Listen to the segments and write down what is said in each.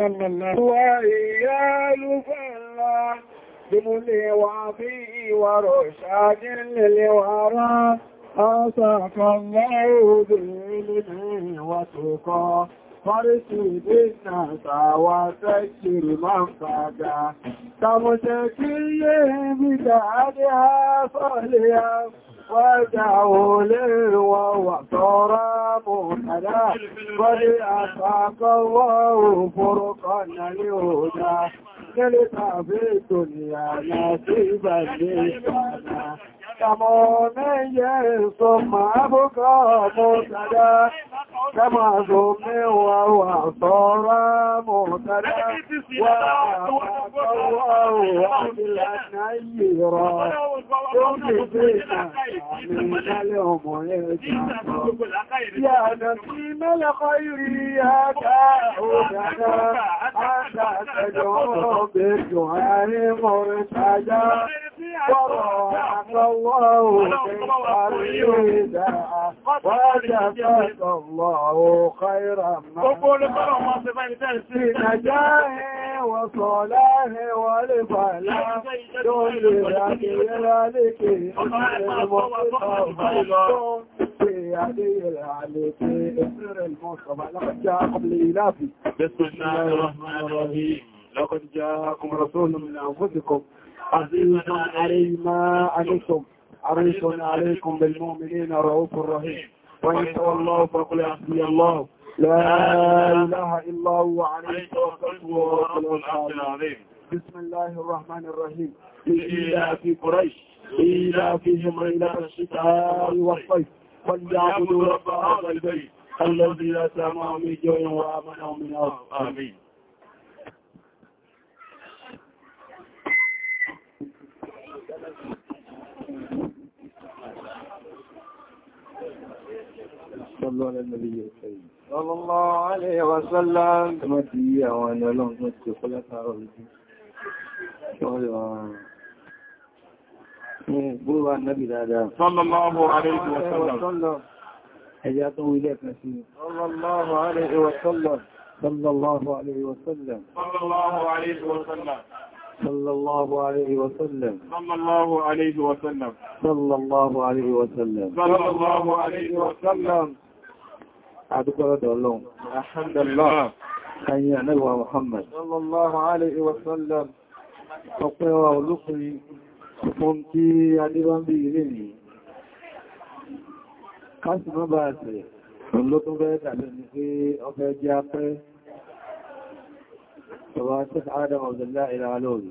وإيال فلا بملي وفيه ورشاد للورى أصاك الله ذلنا وتقى فارسي بالناس وسكر من فدا تمسكي بدعدها صليا وجعول وهو تراب حدا قد أساق الله فرقا للهدى للتعب الدنيا نصيبا للسنة كما نيس ما بقى مهتدى كما ظلم وهو صار مهتدى وأتوه بالنيرة كل فينا من اليوم يا نسيم الخير يا كاهدنا أنت تدعو بالدعاء مرتجى وصلاه والفلاح دول ذاك ذلك المصطفى في يدي العلي في اسر المصطفى لقد جاء قبل إلافي بسم الله الرحمن الرحيم لقد جاءكم رسول من أنفسكم عزيزنا علي ما عليكم عليكم عليكم بالمؤمنين رؤوف رحيم وإن الله فقل حسبي الله لا إله إلا هو عليك توكلت وهو رب العظيم بسم الله الرحمن الرحيم في قريش فيهم ريلة الشتاء والصيف فليعبدوا رب هذا البيت الذي لا سمع من جوع وآمنه من أرض آمين صلوا على النبي الكريم صلى الله عليه وسلم كما تيجي وانا لهم نسكي خلفاء ربي بوبا النبي هذا صلى الله عليه وسلم حياته إليك نسيم صلى الله عليه وسلم صلى الله عليه وسلم صلى الله عليه وسلم صلى الله عليه وسلم صلى الله عليه وسلم صلى الله عليه وسلم صلى الله عليه وسلم àdúgbọ́rọ̀dọ̀ ọlọ́run alhamdulillah ayé anáwà Muhammad sallallahu alaihi wasallam ọpẹ́ wa olókùnrin fún kí adébámbí ilé ní káàsì mọ́ bá àtẹ̀ olókùn bẹ́ẹ̀ tàbí ní pé ọfẹ́ jẹ́ apẹ́ Ọba Ṣẹ́f Adam Abdullá Ìlàlóòrì.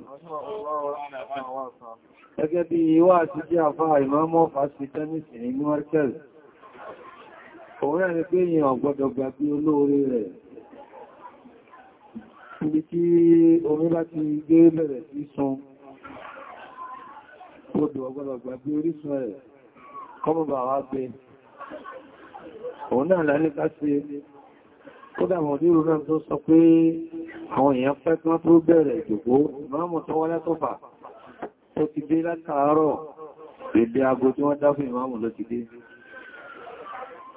Gẹ́gẹ́ bí wá sí jẹ́ àfáà ìmọ́mọ́ fásitì Tẹ́mìsì ní Mọ́rkẹ́lì òun rẹ̀ pé èèyàn ọ̀gbọ́dọ̀ gbàgbé olóore rẹ̀ ibi tí omi bá gbé bẹ̀rẹ̀ sí sun odò ọ̀gbọ́dọ̀ gbàgbé orísun rẹ̀ kọmọ̀bà wá gbé òun náà lálẹ́ká sí kódà mọ̀dúrù náà tó sọ pé àwọn tó bẹ̀rẹ̀ ìjòkó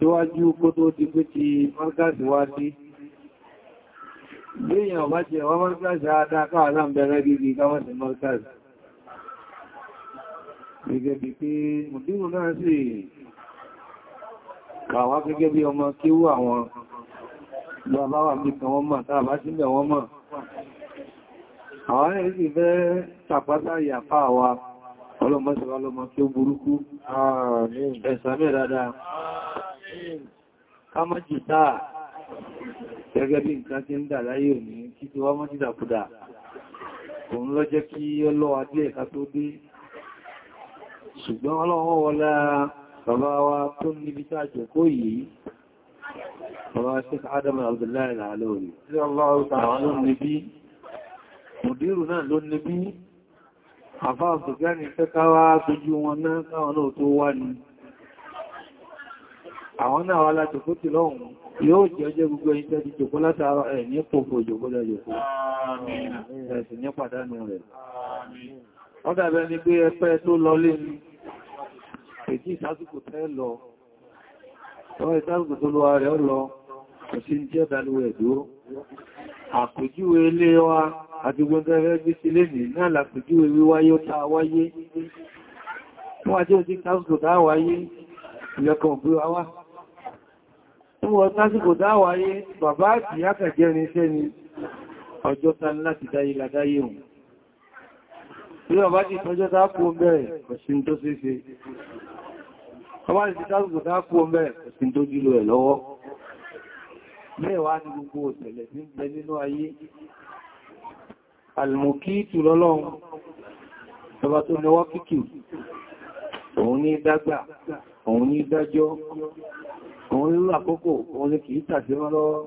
síwájú kó tó ti pé ti mọ́gásì wá sí léèyàn bá jẹ wá mọ́gásì àádáká aláàbẹ̀rẹ̀ gígí káwọ́sì mọ́gásì gẹ́gẹ́ bí pé mùdínú náà sì kàwá gẹ́gẹ́ bí ọmọ kíwú àwọn bàbá wà bí kan wọ́n mọ̀ tàbá sílẹ̀ wọ́n mọ̀ àwọn ẹ̀rí sì fẹ́ tàpátá ìyàpá wa ọlọ́mọ́sọ̀rọ̀ ọlọ́mọ kí ó burúkú ẹ̀sàmẹ́ dáadáa ká má jìtà gẹ́gẹ́ bí nǹkan tí ń dà láyé òní kí ti wá mọ́ jìdàkudà òun lọ jẹ́ kí ọlọ́wà díẹ̀ ká tó dé ṣùgbọ́n ọlọ́wọ́ wọlá bàbá wa tó níbi tájẹ̀ kó yìí bàbá Sheikh Adam Abdullahi Al-Alawi mùdírù náà ló níbi àfáà sùgbẹ́ni fẹ́ káwàá tójú wọn àwọn náà wá láti kó ti lọ́hùn yóò jẹ́ ọjọ́ gbogbo ẹni tẹ́ ti jòkó látara ẹ̀ ní pòpò jòkó lọ jòkó ẹ̀sì ní pàdánù rẹ̀ wọ́n dàbẹ́ ni pé ẹpẹ́ tó lọ lé ní èjì ìsásùkò tẹ́ lọ ọwọ́ ìsásùkò tó lọ rẹ̀ lọ kò sí jẹ́ ìdálú ẹ̀ dúró àpèjúwe ilé wa àti gbọ́ndẹ̀rẹ́ gbé sílé ní náà làpèjúwe wíwáyé ó ta wáyé wọ́n àti òsì ìsásùkò tá wáyé ìyọkọ̀ òbúra wá Níwọ̀ tásìkò dáwàáyé, bàbá àti àkàjẹ́ irinṣẹ́ ni ọjọ́ ta láti dáyé ládáyé hùn. Bí ọba ti tọjọ́ tápù bẹ́ẹ̀ kọ̀sìn tó ṣeéṣe. Ọba ti tásìkò tápù bẹ́ẹ̀ kọ̀sìn tó jílò ẹ̀ lọ́wọ́. Mẹ́wàá ni gbogbo òtẹ̀lẹ̀ tí ń bẹ nínú ayé. Àlùmọ̀kíìtù òun ní dágbà, òun ní dájọ́, òun irú àkókò òun ní kìí tàṣí wọ́n lọ́wọ́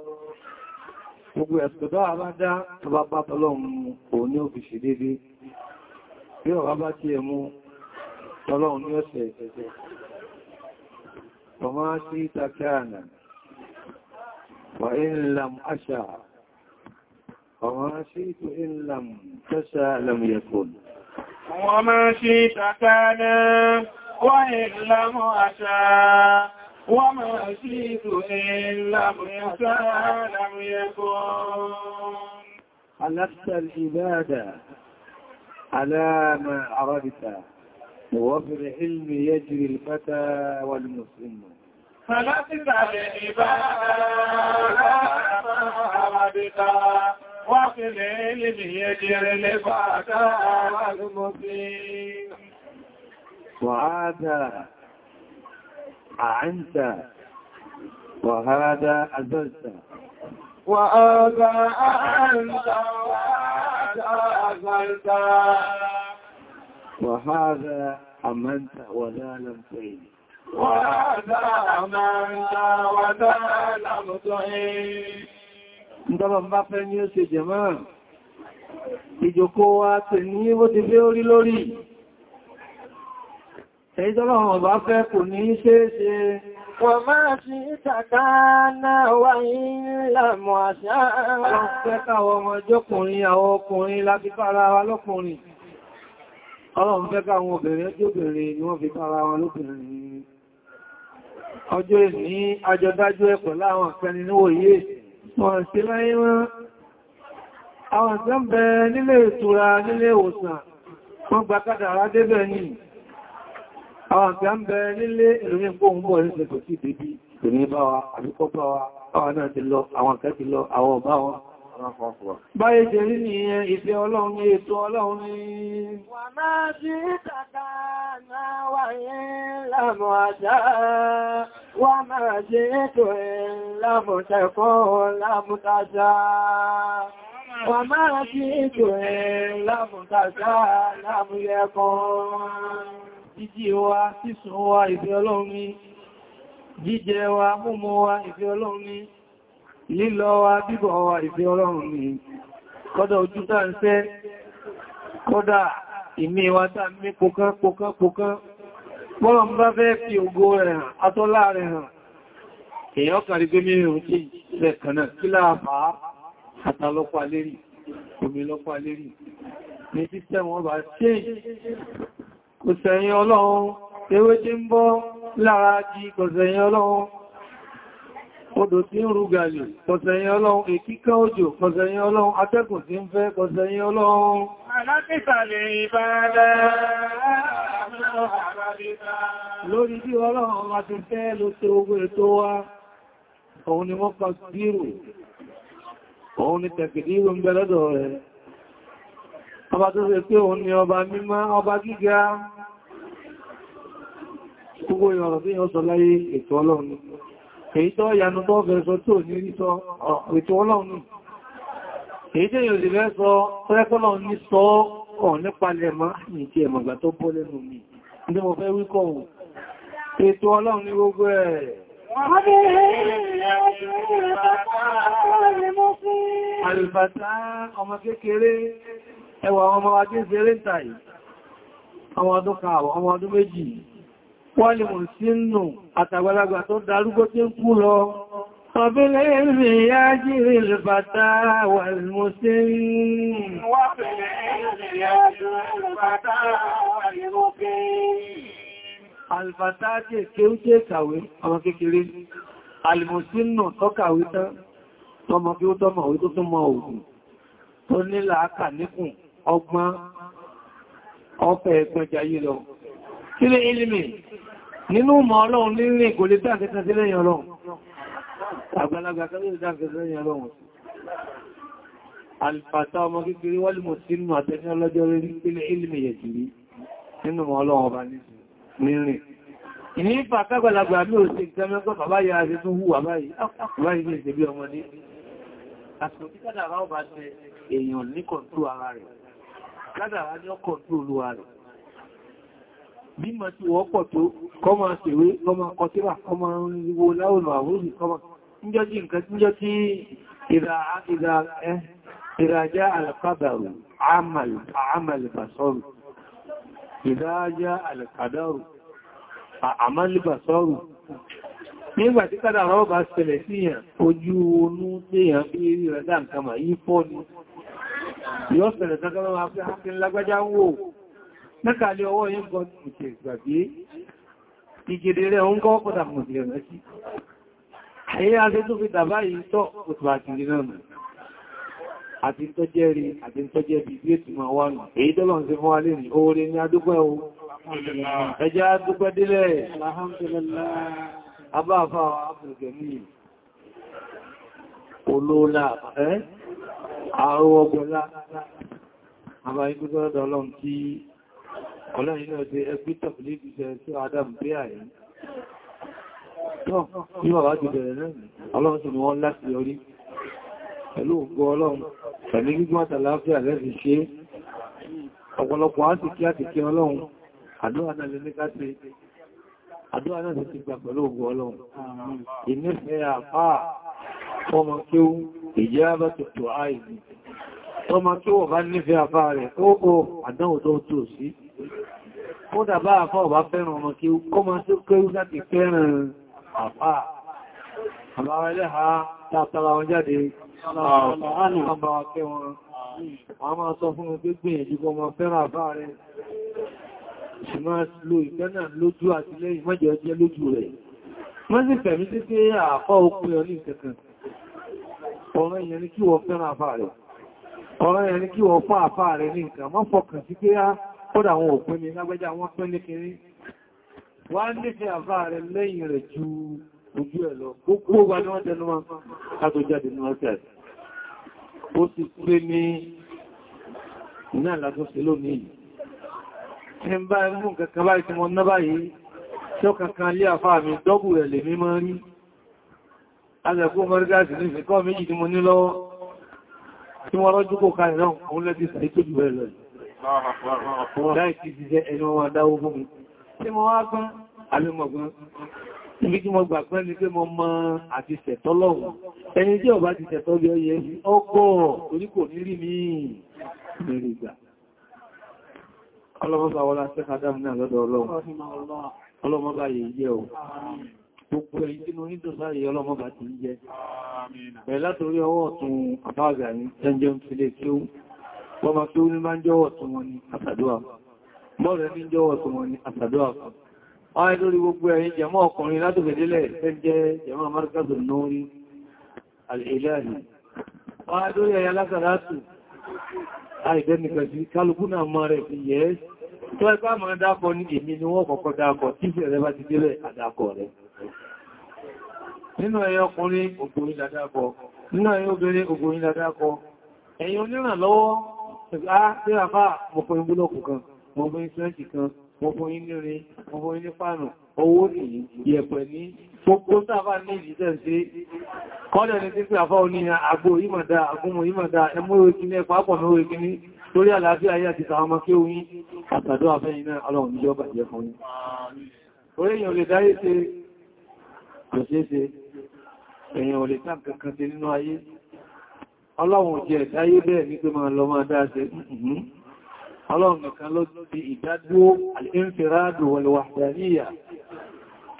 gbogbo ẹ̀sùtọ́dọ́ àbádá tó bá bá tọ́lọ́run kò ní ní ọ̀sẹ̀ ìṣẹ̀ṣẹ̀ ọmọ sí takiana wà وما شئت إلا لم يسا لم يكن خلفت العبادة على ما عرفت وفي العلم يجري الفتى والمسلم خلفت العبادة على ما عرفت وفي العلم يجري الفتى والمسلم وعاد àáńtà wàhádá àzọ́ta wàhádá àáńtà wàhádá àzọ́ta wàhádá àmáńtà wàdá lọ́pẹ̀ẹ́ wàhádá àmáńtà wàdá lọ́pẹ̀ẹ́ Ndọ́bọ̀ bá fẹ́ ní ó ṣe jẹ̀mọ́ ìjòkó wa tẹ̀ ní ó ti fẹ́ orí lórí èyí tọ́lọ́ wọn bá fẹ́ kò ní ṣe ṣe wọ́n máa sí ìtàkà náà wà ní ìlàmọ̀ àṣà àwọn fẹ́kàwọ́ ọmọdékùnrin àwọn ọkùnrin láti fara wa lọ́kùnrin ọlọ́run fẹ́kà àwọn obìnrin ọjọ́bìnrin ni wọ́n fi fara wa lọ́kùnrin ọjọ́ ìní ajọ́dájú ẹ̀pọ̀ àwọn àti à ń bẹ̀rẹ̀ nílé ìrìnrí gbóhùnbọ̀ ẹ̀rẹ́sẹ̀ kò sí ìdébí kò bá wa àbíkọ́ bá wa àwọn náà ti lọ àwọn kẹ́ ti lọ àwọn ọ̀bá wọn báyé jẹ rí ní ìfẹ́ ọlọ́run ní ètò ọlọ́run wà máa sí ètò ẹ̀ lámọ̀tẹ̀kọ́ lámọ̀tàjá wà máa jíjí wa sísun wa ìfẹ́ ọlọ́run ni jíjẹ wa múmọ wa ìfẹ́ ọlọ́run ni lílọ wa bíbọ̀ wa ìfẹ́ ọlọ́run ni kọ́dà ojú tá ń fẹ́ kọ́dà ìmí wa tá ń mí pọkán pọkán pọkán bọ́lọ̀ bá fẹ́ fi ògo rẹ̀ hàn atọ́lá rẹ̀ hàn èèyàn kàrí gbé mẹ́rin kí lẹ́kànnà kí láàfàá àtàlọ́pàá lérí omi lọ́pàá lérí ní sísẹ́ wọn bá ṣe kò sẹ̀yìn ọlọ́run ewé tí ń bọ́ lára jí kò sẹ̀yìn ọlọ́run odò tí ń rúgàlì kò sẹ̀yìn ọlọ́run èkíká òjò kò sẹ̀yìn ọlọ́run atẹ́kùn tí ń fẹ́ kò sẹ̀yìn ọlọ́run lórí bí ọlọ́run ma ti fẹ́ ló tẹ ogun ètò wa òun ni wọ́n pa dírò òun ni tẹ̀kìdírò ọba tó ṣe pé òun ni ọba mímọ́ ọba gíga gbogbo ìrọ̀rọ̀ tí yóò sọ láyé ètò ọlọ́run èyí tó yanu tó fẹ́ sọ tó ní rí sọ ètò ọlọ́run èyí tí yóò sì fẹ́ sọ ní sọ ọ̀ nípalẹ̀ mọ́ ọmọ kékeré ẹwà àwọn ọmọ ajé ṣeré ń tàì àwọn ọdún kan àwọn ọmọ ọdún méjì wọ́n lè mọ̀ sí nù àtàgbàlagbà tó darúgbó tí ń kú lọ Ọ̀bílẹ̀ ìrìn yá jírí lùbàtà wà lùmùsí Alìbàtà tí èké ń tí èkàwé ọmọ kékeré, tọ́kàwé tán, tọmọ kí ó tọmọ òwe tó tún mọ òògùn, tó nílà níkùn ọgbọ́n ọ̀fẹ́ ẹ̀gbọ́n jayé lọ sílé ilimi nínú mọ̀ ọlọ́run nílé kò lè dákẹta sí lẹ́yìn ọlọ́run àgbàlagbà kan lè dákẹta lẹ́yìn ọlọ́run alfàtà ọmọ kékeré wọ́lì mọ̀ sínú àtẹ́ni ọlọ́jọ́ rí sílé ilimi yẹ̀ jìrí nínú mọ̀ ọlọ́run ọba nílé ìní ìfàkágbàlagbà mí ò sí ìgbẹ́mẹ́gbọ́ bàbá yà á ṣe tún hù àbáyìí ah, ah, àkùnbáyìí ní ìṣẹ́bí ọmọdé àtùkítàdà ráwọ̀ bá ṣe èèyàn ní kọ̀ntú ara rẹ̀ kádàrá ní ọkọ̀ tí olúwa rẹ̀ bí ma ti wọ́pọ̀ tó kọmọ ṣèwé kọmọ kọtíwà kọmọ ìwò láwọ̀lọ̀ àwúrùn kọmọ níjọ́jí nǹkan tí níjọ́ tí ìràjá alkadaru amalbasoru ìràjá alkadaru amalbasoru nígbà tí kádàrá ọba ṣẹlẹ̀ síyàn ojú onú tí èyàn bí rí rẹ̀ dá nǹkan mà yí fọ́ ni yóò sẹ̀rẹ̀ tọ́gbọ́n máa fi ápín lágbájá ń wò mẹ́kàlẹ̀ ọwọ́ yìí gọ́ ìkẹ̀ ìgbàgbé ìgèrè rẹ̀ ń gọ́ pọ̀tà mọ̀sílẹ̀ rẹ̀ sí ayé aṣe tó fi dàbá yìí tọ́ òtùbà àtìrí náà àti tó jẹ́ rí àti tó jẹ́ bí bí ètù máa wánù èyí tọ́lọ̀ ń ṣe fún alé ní ẹjá adúpẹ́ délẹ̀ alhamdulillah abáfà abdulgani olóòlà ẹ́ àrùn ọgbọ̀lá àmà ìgbẹ́gbẹ́ ọ̀dọ̀ ọlọ́run tí ọlọ́run ilẹ̀ ọdẹ ẹgbẹ́ tọ̀pìlẹ̀ ìgbẹ́ tí adam bí àyí tọ́ ní bàbá ti bẹ̀rẹ̀ náà ọlọ́run sì ni wọ́n láti orí pẹ̀lú ògbọ́ ọlọ́run pẹ̀lú gbígbọ́n àtàláfíà lẹ́fi ṣe ọ̀pọ̀lọpọ̀ á sì kí á ti kí ọlọ́run àdúrà náà lè ní ká ṣe àdúrà náà sì ti gbà pẹ̀lú ògbọ́ ọlọ́run ìnífẹ́ àfáà ọmọ kí ó ìjábá tó tó àìsí ọmọ kí ó bá nífẹ́ afá rẹ̀ ó ó àdánwò tó tó sí ó dàbá afá ọba fẹ́ràn ọmọ kí ó kọ́ máa tó kérú láti fẹ́ràn afá àbára ẹlẹ́ha tààtàrà wọn jáde àbára kẹ́ wọn a máa sọ fún ọgbẹ́ gbìyànjú kọ́ máa fẹ́ràn afá rẹ̀ ìṣùmọ́ fẹ̀mí títí àfọ́ òkú ẹ̀ ní ìkẹ̀kẹ̀ ọ̀rọ̀ èèyàn ni kí wọ́n fẹ́ràn àfà rẹ̀ ọ̀rọ̀ èèyàn ni kí wọ́n fún àfà rẹ̀ ní nǹkan mọ́ fọkàn sí pé á ah, kọ́dà àwọn òpin ni lágbẹ́já wọ́n pín ní kiri wá nífẹ́ àfà rẹ̀ lẹ́yìn rẹ̀ ju ojú ẹ̀ lọ gbogbo wa ni wọ́n tẹnu mọ́ kátó jáde ní ọ́sẹ̀ azẹ̀kú mọ́rígáàsì ní ìfẹ́kọ́ méjì tí mo ní lọ́wọ́ tí wọ́n rọ́jú kò ká ìrán òun lẹ́dí sàítò jù bẹ́ẹ̀ lọ láìsí jẹ́ ẹni wọn dáwó fún mi tí mo wá gán alẹ́mọ̀gbọ́n ibi tí mo gbà pẹ́ ni pé mo mọ àti ṣẹ̀tọ́ lọ́wọ́ ẹni tí ọba ti ṣẹ̀tọ́ bí ọyẹ ọgbọ́ orí kò ní rí mi mẹ́rin ìgbà ọlọ́mọ́bá wọlá sẹ́kàdámù náà lọ́dọ̀ ọlọ́run ọlọ́mọ́bá yìí jẹ́ o gbogbo ẹ̀yìn tí mo ní tó sáré ọlọ́mọ bá ti jẹ́ bẹ̀rẹ̀ látorí ọwọ́ ọ̀tún àbáàgà ní jẹ́jẹ́ ìfilé tí ó bọ́mà tí ó ní máa ń jọ́wọ́ ọ̀tún wọn ni àtàdúwà bọ́ọ̀rẹ́ ní jọ́wọ́ ọ̀tún wọn ni àtàdúwà fún ọ̀rẹ́ lórí gbogbo ẹ̀yìn jẹ́mọ́ ọkùnrin látòkèdélẹ̀ jẹ́ jẹ́mọ́ amárúkásù lórí alìláàrí ọ̀rẹ́ lórí ẹ̀yà lásàrátù àìdẹ́nìkan sí kálukú náà mọ́ rẹ̀ fi yẹ́ tó ẹgbá mọ́ dákọ ní èmi ni wọ́n kọ̀kọ́ dákọ tí ìfẹ́ rẹ bá ti délẹ̀ àdákọ rẹ̀ nínú ẹ̀yin ọkùnrin ògbòrin dàdákọ nínú ẹ̀yin obìnrin ògbòrin dàdákọ ẹ̀yin onírànlọ́wọ́ àtíràfà mọ̀kùnrin búlọ́kù kan mọ̀kùnrin sẹ́ǹtì kan mọ̀kùnrin nírin mọ̀kùnrin ní pàánù owó ní ìyẹ̀pẹ̀ ní gbogbo tàbà ní ìdíjẹ́ sí kọ́lẹ̀ ní títí àfá oní àgbò ìmọ̀dá àgbómọ̀ ìmọ̀dá ẹmúrò ìkíní ẹ̀pọ̀ àpọ̀mọ̀ ìkíní lórí àlàáfíà ayé àti tàwọn ọmọ kí oyin àtàdọ́ àfẹ́yìn náà ọlọ́run ìjọba ìjẹ fún ní èyàn ò lè tán kankan sí nínú ayé ọlọ́run ò jẹ́ ẹ̀dáyé bẹ́ẹ̀ ní pé máa lọ máa dáadẹ́ mm-hmm. ọlọ́run nìkan ló ti ìdádúó al-infiradu wal-wahdaniyya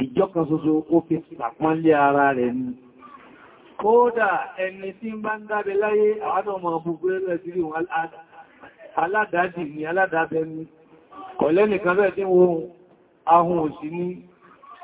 ìjọkan ṣoṣo ó fi pàpánlé ara rẹ̀ ni kódà ẹni tí ń bá ń dábẹ láyé àwọn ọmọ gbogbo ẹlẹ́sìrí wọn aládádì ni aládádẹ́ni kọ̀lẹ́nìkan bẹ́ẹ̀ tí wọ́n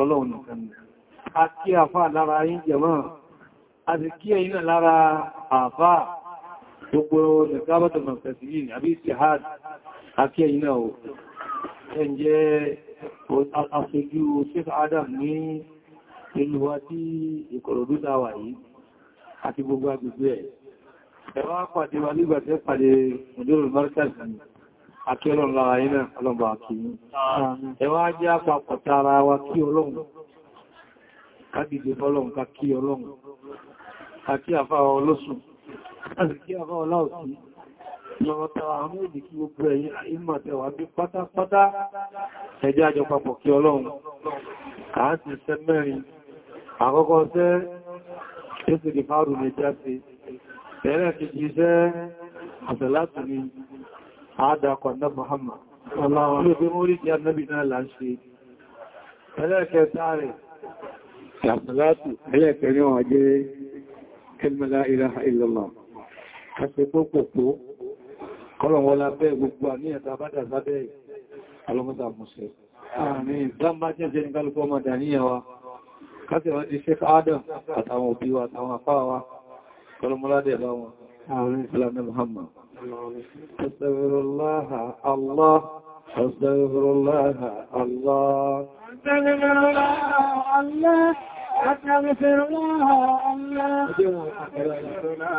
Ọlọ́run nìkan ni. A kí àfá lára yín jẹmọ́, a sì kí ẹ̀yin náà lára àfá gbogbo nìkábọ̀tọ̀ mọ̀fẹ̀sì yìí àbí ti hard, a kí ẹ̀yin náà o. Ẹ jẹ́ aṣojú Sheikh Adam ní ìlú wa tí ẹ̀ akẹ́lọ́n lára iná ọlọ́bà kí ní ẹwà jẹ́ àpapọ̀ta ara wa kí ọlọ́run kágìdè fọ́lọ́run ká kí ọlọ́run àti àfáwà olóṣùn àti kí àfáwà láòsí lọ́wọ́ta àmú ìdí kí gbogbo ẹ̀yìn àìmọ̀tẹ̀wà bí pátápátá ẹjẹ́ àjọ papọ̀ kí ọlọ́run kàá sì sẹ́ mẹ́rin àkọ́kọ́ àádọ́kọ̀ náà Muhammad Ọlọ́run ló fi mórí tí annabi náà là ń ṣe ẹlẹ́ẹ̀kẹta rẹ̀ ṣàtàlátù ẹlẹ́ẹ̀kẹrin wọn jẹ́ kẹlmẹ́lá ilaha illallah kàṣẹ pópòpó kọlọ̀wọ́lá bẹ́ẹ̀ gbogbo àníyàta bádà sábẹ́ alọ́mọ́ta mọ̀ṣẹ́ àmín dámbá jẹ́ jẹ́ nígbàlùkọ́ ọmọ dàníyàwá kásẹ̀wọ́n ti ṣe káádọ̀ سلام محمد أستغفر الله الله أستغفر الله الله أستغفر الله الله أستغفر الله الله أستغفر الله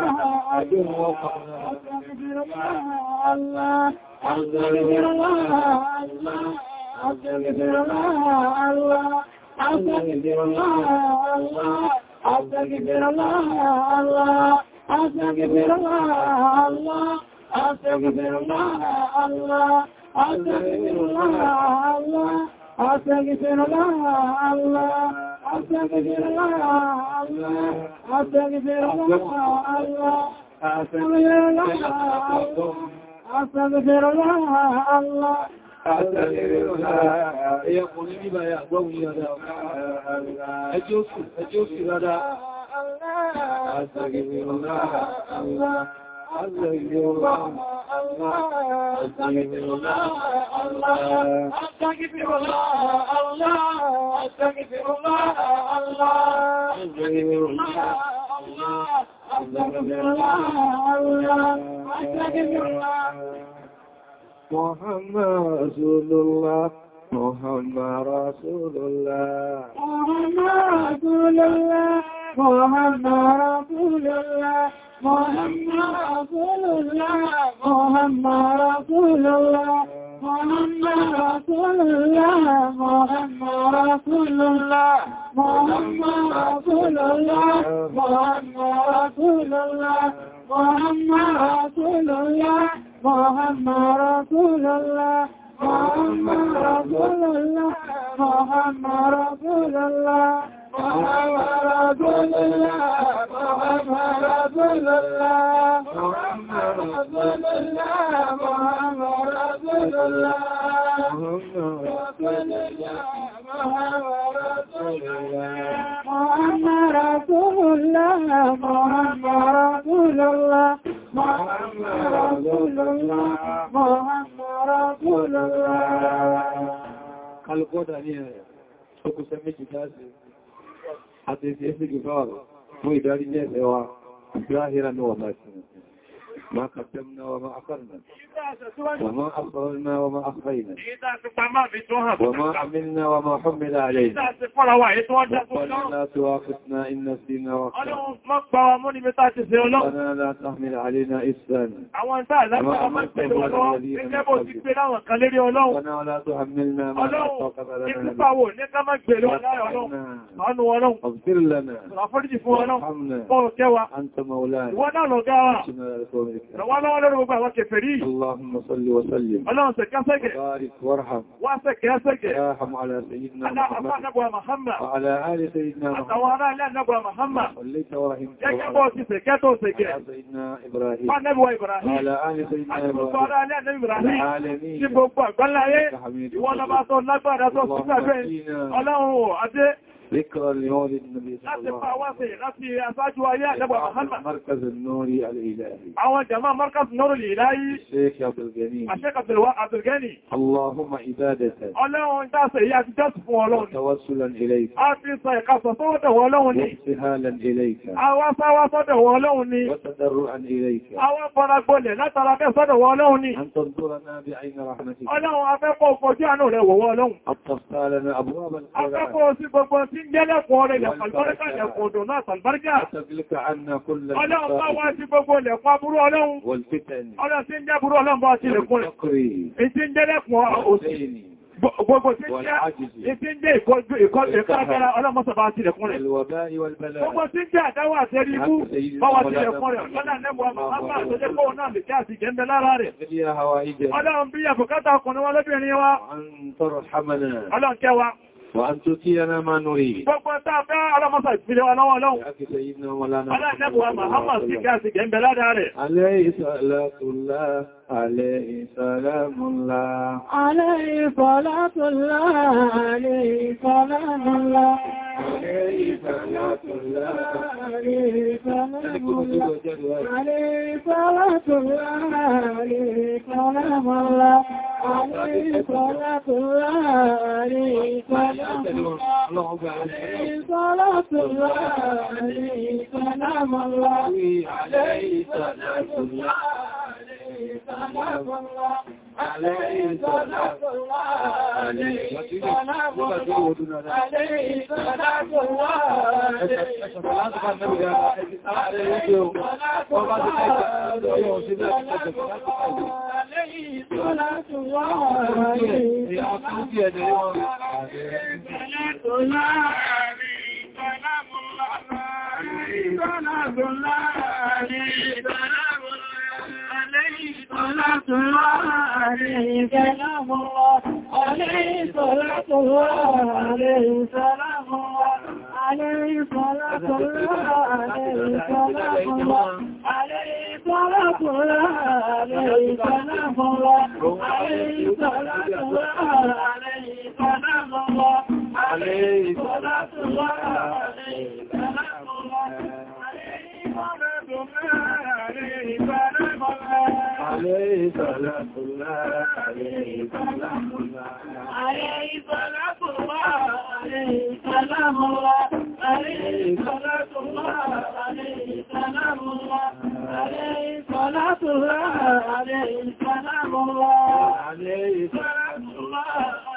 الله أستغفر الله الله أستغفر الله الله أستغفر الله الله أستغفر الله الله أستغفر الله الله أستغفر الله الله أستغفر الله الله أستغفر الله الله أستغفر الله الله أستغفر الله الله أستغفر الله الله أستغفر الله الله Ẹjọ́ sí, ẹjọ́ sí rárá. أستغفر الله الله أستغفر الله الله أستغفر الله الله أستغفر الله الله أستغفر الله الله أستغفر الله الله أستغفر الله الله أستغفر الله محمد رسول الله محمد رسول الله محمد رسول الله محمد رسول الله محمد رسول الله محمد رسول الله محمد رسول الله محمد رسول الله محمد رسول الله محمد رسول الله محمد رسول الله محمد رسول الله محمد رسول الله محمد رسول الله محمد رسول الله محمد رسول الله محمد رسول الله محمد رسول الله رسول الله محمد رسول الله محمد رسول الله محمد رسول الله محمد رسول الله محمد رسول الله القدر هي تكسمي جداسي àti ìfẹ́ fún ìdáríjẹ́ ẹ̀wà láhírà ní ọ̀nà ما قدمنا وما أخرنا وما أخرنا وما أخفينا وما حملنا وما حمل علينا ربنا لا توافقنا إن نسينا وقتنا ربنا لا تحمل علينا إسانا وما أمرتنا الذين ربنا لا تحملنا ما لا لنا اغفر لنا وارحمنا أنت مولانا وأنا لقاء lọ́wọ́lọ́wọ́ lórí gbogbo àwọn kèfèrí Allahumma salli wa sallim Allahumma sẹ̀kẹ́sẹ̀kẹ́ barik warham wá sẹ̀kẹ́sẹ̀kẹ́ raham ala sayyidina Muhammad wa ala ali sayyidina Muhammad sallaita wa rahim jẹ́gẹ́ bọ́ sí sẹ̀kẹ́ tó sẹ̀kẹ́ sayyidina ذكرى لمولد النبي صلى الله عليه وسلم مركز النور الإلهي أول جماعة مركز النور الإلهي الشيخ عبد الغني الشيخ عبد الغني اللهم إبادة اللهم انت سيئات جسف ولون توسلا إليك أعطي سيقص صوت ولوني وابتهالا إليك أوصى وصد ولوني وتدرعا إليك أوفر أقول لا ترى صد ولوني أن تنظرنا بعين رحمتك اللهم أفقوا فجعنا له ولون أتصالنا أبواب القرآن أفقوا سبب tí ń jẹ́lẹ̀kùn ọrẹ ilẹ̀kùn àlùbáríkà ilẹ̀kùn òdò náà sàlbáríkà. Ọlọ́run bá wá sí gbogbo ilẹ̀kùn aburú ọlọ́run. Ọlọ́run tí ń jẹ́ burú ọlọ́run bá sí ilẹ̀kùn rẹ̀. Ètí ń jẹ́lẹ̀kùn òsì gbogbo tí ń jẹ́ ìkọ́gbẹ̀rẹ̀ ọlọ́mọ́sọ̀ bá ti lẹ̀kún rẹ̀. gbogbo tí ń jẹ́ àdáwà àtẹ́rí ibú bọ́wọ́ ti lẹ̀kún rẹ̀ lọ́nà lẹ́wọ́ àmọ́ àtọ́jẹ́ pọ́ náà lè jẹ́ àti jẹ́ lára rẹ̀. ọlọ́run bí i àbùkátà ọkùnrin wọn lóbìnrin wa ọlọ́run kẹwàá وأن ما نريد عليه صلاة الله عليه سلام الله عليه صلاة الله عليه سلام الله عليه صلاة الله عليه سلام الله عليه صلاة الله عليه سلام الله عليه صلاة الله عليه سلام الله عليه صلاة الله عليه سلام الله عليه صلاة الله عليه سلام الله عليه صلاة الله عليه صلاة الله عليه صلاة الله عليه صلاة الله عليه صلاة الله عليه صلاة الله صلاة الله عليه سلام الله عليه صلاة الله عليه سلام الله عليه صلاة الله عليه سلام الله عليه صلاة الله عليه سلام الله عليه صلاة الله عليه سلام الله عليه صلاة الله عليه سلام الله عليه صلاة الله عليه عليه صلاة الله عليه سلام الله عليه صلاة الله عليه سلام الله عليه صلاة الله عليه سلام الله عليه صلاة الله عليه سلام الله عليه صلاة الله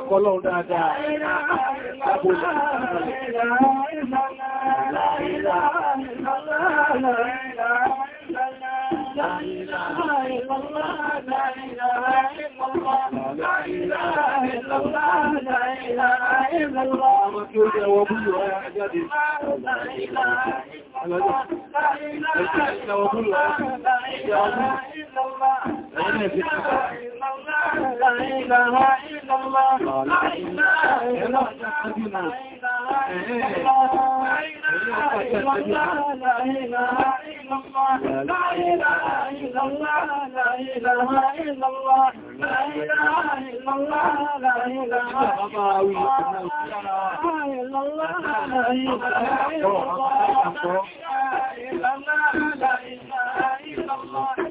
Ọlọ́run dáadáa ìlàlá Ọ̀rọ̀ لا إله إلا الله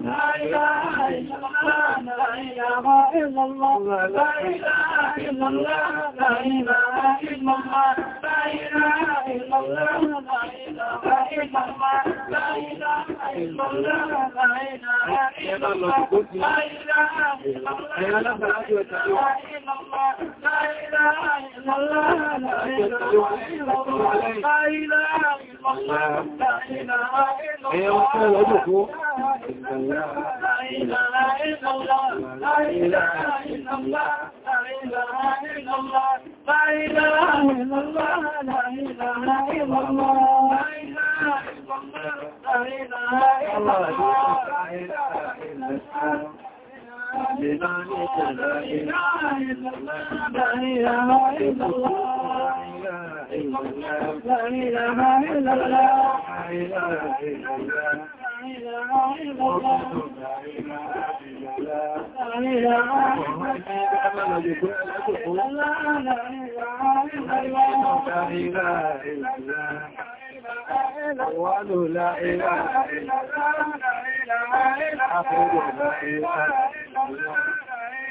لا إله إلا الله لا إله إلا الله لا إله إلا الله لا إله إلا الله لا إله إلا الله لا إله إلا الله لا إله إلا الله لا إله إلا الله لا إله إلا الله لا إله إلا الله لا إله إلا الله لا إله إلا الله لا إله إلا الله لا إله إلا الله لا إله إلا الله وَلَا لَا إِلَهَ إِلَّا أَنْتَ أَسْتَغْفِرُكَ وَأَتُوبُ إِلَيْكَ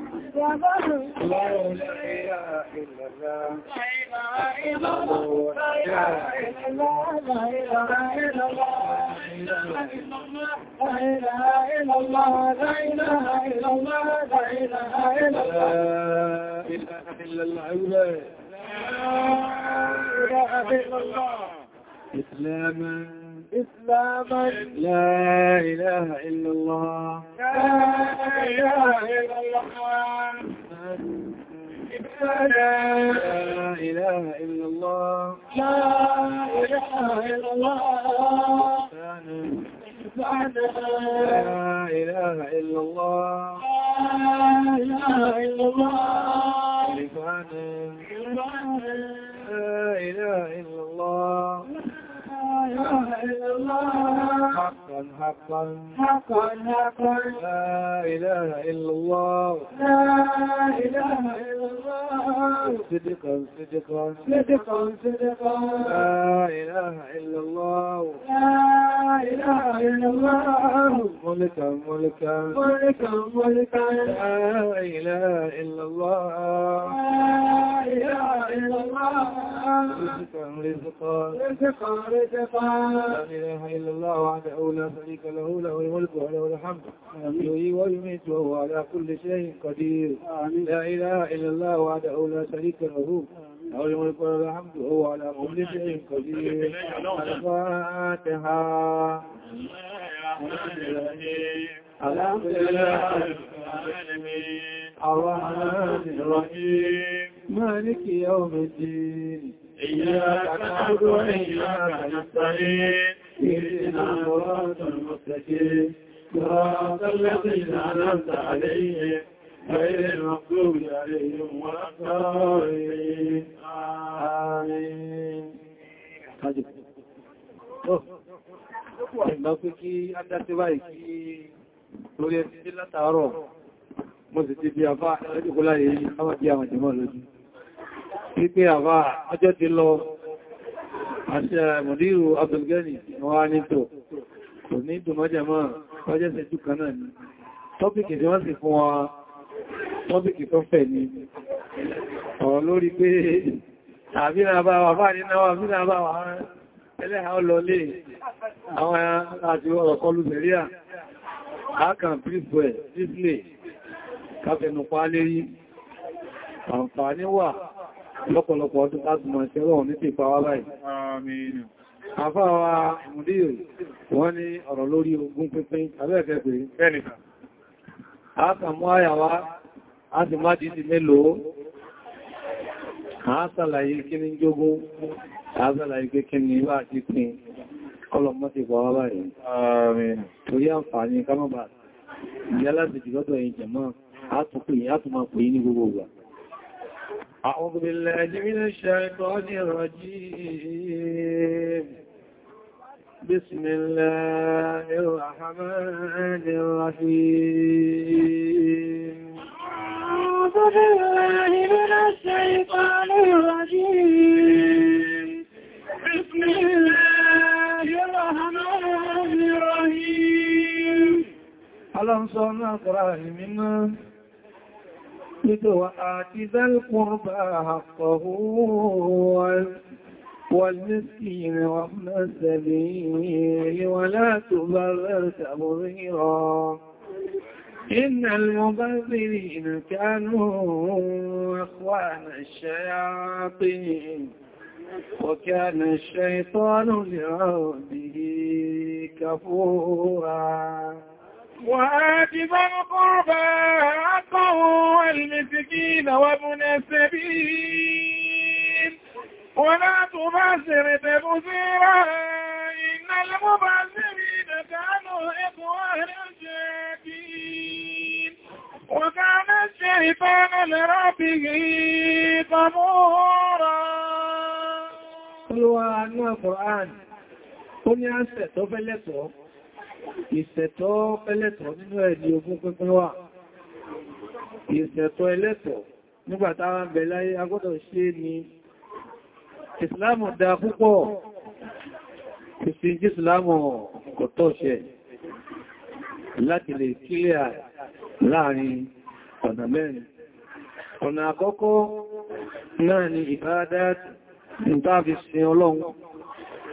لا إله إلا الله لا إله إلا الله لا إله إلا الله لا إله إلا الله لا إله إلا الله لا إله إلا الله لا إله إلا الله لا إله إلا الله لا إله إلا الله إسلاما إسلاما لا إله إلا الله لا إله إلا الله لا إله إلا الله لا إله إلا الله لا إله إلا الله لا إله إلا الله لا إله إلا الله إله إلا الله حقا حقا حقا حقا لا إله إلا الله لا إله إلا الله صدقا صدقا صدقا صدقا لا إله إلا الله لا إله إلا الله ملكا ملكا ملكا ملكا لا إله إلا الله لا إله إلا الله رزقا رزقا رزقا رزقا لا إله إلا الله وحده لا شريك له له الملك وله الحمد يحيي ويميت وهو على كل شيء قدير لا إله إلا الله وحده لا شريك له له الملك وله الحمد وهو على كل شيء قدير الفاتحة الرحمن الرحيم الحمد لله رب العالمين الرحمن الرحيم مالك يوم الدين إياك نعبد وإياك نستعين إهدنا الصراط المستقيم صراط الذين أنعمت عليهم غير المغضوب عليهم ولا الضالين آمين lọ pé kí adásíwá ìkí lórí ẹ̀sì sí látàárọ̀ mo sì ti bí àbá ẹ̀lẹ́dìkúlá yìí káwà bí àwọn jẹmọ́ lójú pípé àbá ọjọ́ ti lọ àṣẹ eh, mọ̀díru Abdulgani wọ́n á nítò kò ní ìdùnmọ́jẹmọ́ ọjọ́ ìṣẹ́jú kan náà ni tọ́pìkì tí wọ́n sì fún wa tọ́pìkì tó fẹ̀ ni ọ̀rọ̀ lórí pé àbínà bá wà ẹlẹ́ha ọlọ́lé àwọn àti ọ̀rọ̀kọ́ lùbẹ̀ríà àákàn pípẹ̀ síslẹ̀ káfẹ̀nùpa lérí àǹfààní wà lọ́pọ̀lọpọ̀ ọdún tásùmọ̀ ìṣẹ́rọ̀ ní ti pàwà báyìí àfáwà ìmúdí wọ́n ní ọ̀rọ̀ lórí ogún pínpín abẹ́ẹ̀kẹ́ pé fẹ́nìkan àátàmú àyàwá a sì má dìdì mélòó àátàlàyé kí ní jógún àbẹ́lá igé kí ni wá sí pín kọlọmọ́ ti pọ̀ wá báyìí torí àǹfààní kámọ́bà ìyá láti jùlọ́dọ̀ ẹ̀yìn jẹ̀mọ́ àtùmọ̀ pè ní gbogbo ìgbà أعوذ بالله من الشيطان الرجيم بسم الله الرحمن الرحيم Ọlọ́run sọ náà tọ́ra ìmì náà nítorí wa àti zálkùnbà àkọ̀hù والمسكين وابن السبيل ولا تبرر تبريرا إن المبذرين كانوا أخوان الشياطين وكان الشيطان لربه كفورا وآجب القربى حقه والمسكين وابن السبيل ولا تبصر تبصيرا إن المبصرين كانوا إخوان الشاكين وكان الشيطان لربه كفورا olówá náà Kọ̀rán ó ní àṣẹ tó fẹ́lẹ́tọ̀ ìṣẹ̀tọ́ fẹ́lẹ́tọ̀ nínú ẹ̀dì ogún pínpín wà ìṣẹ̀tọ́ ẹlẹ́tọ̀ nígbàtá wá bẹ̀ láyé agbọ́dọ̀ ṣe ni ìsìláàmù dá púpọ̀ ìsìnjí ìsìláàmù kò tọ́ṣẹ̀ láti lè kílẹ̀ láàrin ọ̀nà mẹ́rin ọ̀nà àkọ́kọ́ náà ni ìbádátì ń tàbí sin ọlọ́run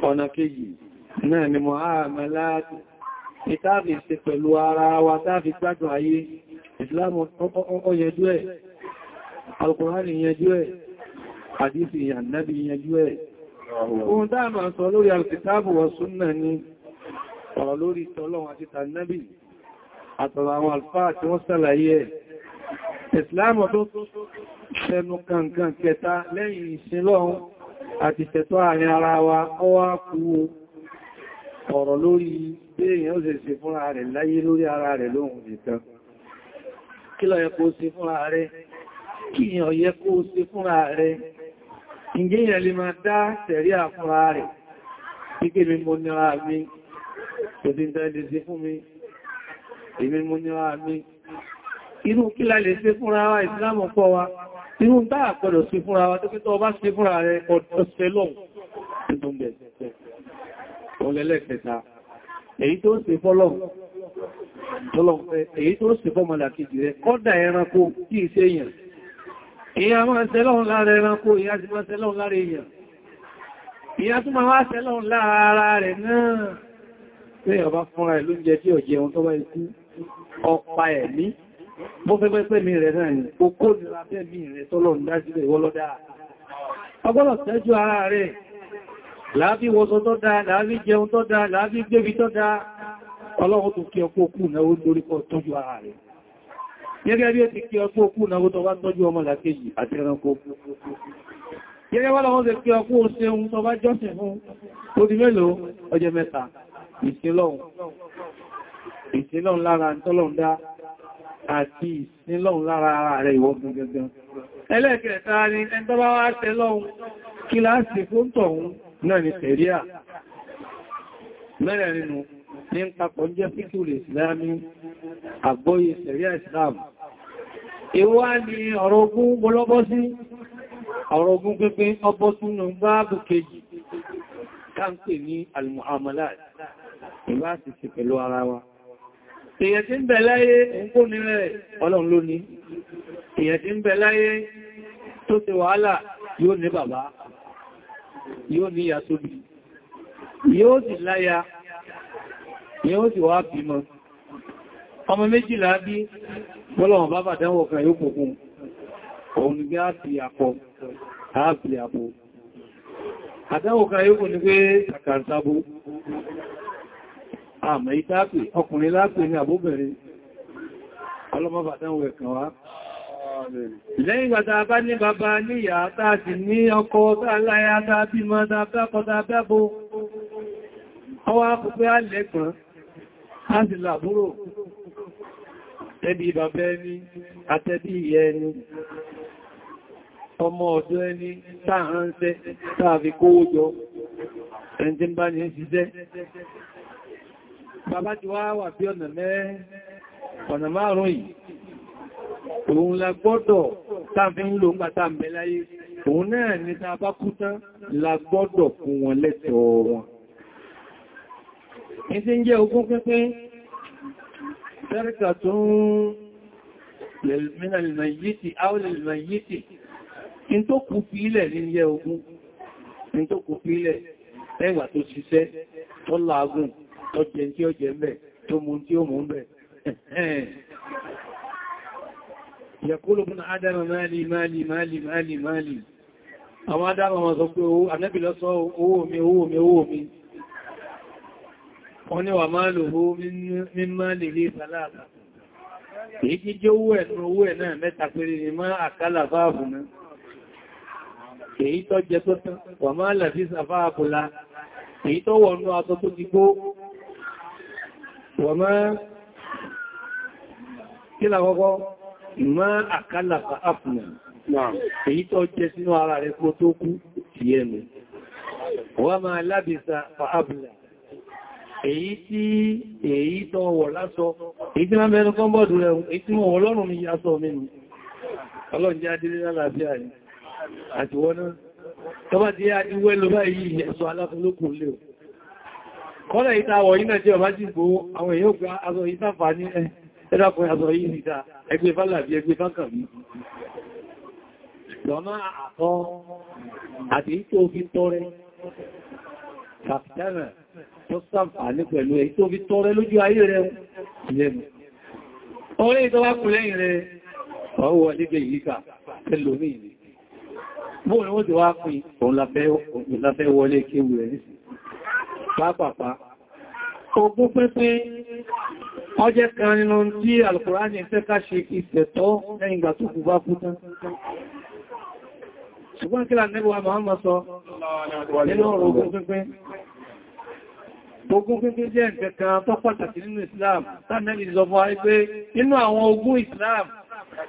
ọ̀nà kejì náà ni mọ̀ ààmà láti ìtàbí sí pẹ̀lú ara wa tàbí gbádùn ayé ìsìláàmù ó yẹjú ẹ̀ alkùnrin yẹjú ẹ̀ àdífì ànábì yẹjú ẹ̀ ohun dáàmà sọ lórí alkìtàbù wa súnnà ni ọ̀rọ̀ lórí tọ́lọ́run àti tànábì àtọ̀rọ̀ àwọn alfáà tí wọ́n sàlàyé ẹ̀ ìsìláàmù tó tẹ́nu kankan kẹta lẹ́yìn ìsinlọ́run àti tẹ̀tọ́ àárín ara wa ọwá kú ọ̀rọ̀ lórí béèyàn ó sì fúnra rẹ̀ láyé lórí ara rẹ̀ lóhun nìkan kí ló yẹ kó ṣe fúnra rẹ̀ kí èèyàn yẹ kó ṣe fúnra rẹ̀ ìgbéyàn lè máa dá tẹ̀rí àfúnra rẹ̀ pípé mi mo nira mi kò sí tẹ́lẹ̀ sí fún mi èmi mo nira mi inú kí la lè ṣe fúnra wa ìsìlámù pọ̀ wa irú bá àgbọ̀dọ̀ sí fúnra wa tó kí tó bá sí fúnra rẹ̀ ọ̀tọ̀ṣẹ́ lọ́wọ́ èyí tó ń ṣe fọ́lọ́hùn èyí tó ń ṣe fọ́mọ̀lá kejì rẹ̀ kọ́dà ẹranko kí í ṣe èyàn ìyá máa ṣẹlọ́hùn lára ẹranko ìyá ti máa ṣẹlọ́hùn lára èyàn ìyá tó máa wá ṣẹlọ́hùn lára rẹ̀ náà bó fẹ́ pẹ́ pẹ́ mi rẹ̀ náà ni ó kó nira bẹ́ mi rẹ̀ tọ́lọ̀ ń dájílẹ̀ ìwọ́lọ́dá ọgbọ́nà tẹ́jú ara rẹ̀ láàbí wọ́sọ tó dá láàbí jẹun tó dá láàbí gbébi tó dá ọlọ́run tó kí ọkọ̀ òkú náà ó lórí kọ tọ́jú ara rẹ̀ gẹ́gẹ́ bí ó ti kí ọkọ̀ òkú náà ó tó bá tọ́jú ọmọ làkejì àti ẹranko gẹ́gẹ́ wọ́n lọ́wọ́ ṣe kí ọkú oṣeun tó bá jọ́sìn fún odi mélòó ọjọ́ mẹ́ta ìsinlọ́un lára ń tọ́lọ̀ ń dá àti ìsinlọ́run lára ara rẹ̀ ìwọ̀gbùn gẹ̀gẹ̀. ẹlẹ́kẹ̀ẹ́ta ni ẹgbọ́bá wá tẹ́ lọ́run kí láti fún tọ̀hún náà ni tẹ̀ríà mẹ́rẹ̀ nínú ní papọ̀ jẹ́ fíkúrì ìsìlámi àgbóyè tẹ̀ríà islam ìwá ni ọ̀rọ̀ ogun gbọ́lọ́bọ́ sí ọ̀rọ̀ ogun pínpín ọbọ́ túnú báàbù kejì káńpè ní al-mu'amalat ìbá ti ṣe pẹ̀lú ara wa èyàn tí ń bẹ láyé ǹkó ní rẹ̀ ọlọ́run ló ní èyàn tí ń bẹ láyé tó ṣe wàhálà yóò ní bàbá yóò ní ìyá tóbi yóò sì láya yóò sì wá bímọ ọmọ méjìlá bí bọ́lọ̀wọ̀n bá bàdánwò kan yóò pòkun òun ni bí á fi àpò àmà ìtàpì ọkùnrin lápè ní àbúbẹ̀rin ọlọ́mọ́bàdánwò ẹ̀kàn wá lẹ́yìn ìgbàta bá ní bàbá níyà tààtì ní ọkọ tààláyà tààbí mọ́ tààbẹ́kọ́ tààbẹ́bó ọwá púpẹ́ alẹ́gbọ́n láti làbúrò ẹbí bàbá ẹni àtẹbí ìyẹ ẹni ọmọ ọ̀dọ́ ẹni tààránṣẹ́ tààfi kówó jọ ẹni tí ń bá ní ṣiṣẹ́ bàbá ti wá wà bí ọ̀nà mẹ́rin ọ̀nà márùn-ún yìí òun la gbọ́dọ̀ tàbí ń lò ń gbàtà mẹ́láyé òun náà ní ta bá kú tán la gbọ́dọ̀ fún wọn lẹ́tọ̀ọ́ wọn ní tí ń jẹ́ ogún pínpín tẹ́rìkà tó ń lèmínà lèmìyìtì áwọn ọjẹ́ tí ọjẹ́ mẹ́ tó mú tí ó mú mẹ́ yẹ̀kúlù fún adama máàlì máàlì máàlì máàlì máàlì àwọn adama wọn sọ pé owó anẹ́bì lọ sọ owó mi owó mi owó mi wọ́n ni wà máa lò owó mímáàlì lé sàláàtà èyí jíjẹ́ owó ẹ̀nà owó ẹ̀ náà mẹ́ta péré ni máa àkálà fáàfù náà èyí tó jẹ tó tán wà máa làfíìsà fáàfù la èyí tó wọ̀nú wọ̀mọ́ kílà wọ́n èyí tí èyí tó wọ̀ lásọ èyí tí máa mẹ́rin kan bọ́ọ̀dù rẹ̀ èyí tí wọ́n lọ́rùn mi yá sọ mẹ́nu ọlọ́njẹ́ adílé lálàáfíà rẹ̀ àti wọ́n náà tọ́bá ti yá adíwẹ́ lọ báyìí ẹ̀sọ́ aláfẹ́lókùn lè kọ́lẹ̀ ìta wọ̀ iná jẹ́ ọba jìgbò àwọn èèyàn gba aṣọ ìtàfà ní eh, ẹ́dàkùn aṣọ yìí nìta ẹgbẹ́ fàlàbí ẹgbẹ́ fàkàmí lọ́nà àtọ́ àti ìtò fi tọrẹ kàfẹ́nà tó sàǹfàní pẹ̀lú èyí tó lójú ayé rẹ̀ pàápàá ogún pínpín wọ́n jẹ́ kan nínú tí alùkùránì fẹ́ ká ṣe ìfẹ̀tọ́ lẹ́yìn ìgbà tó kù bá kú tán ṣùgbọ́n kí lànẹ́bí wa Muhammad sọ nínú ọ̀rọ̀ ogún pínpín ogún pínpín jẹ́ ǹkan kan tó pàtàkì nínú Islam tánẹ́bí sọ fún wa pé Islam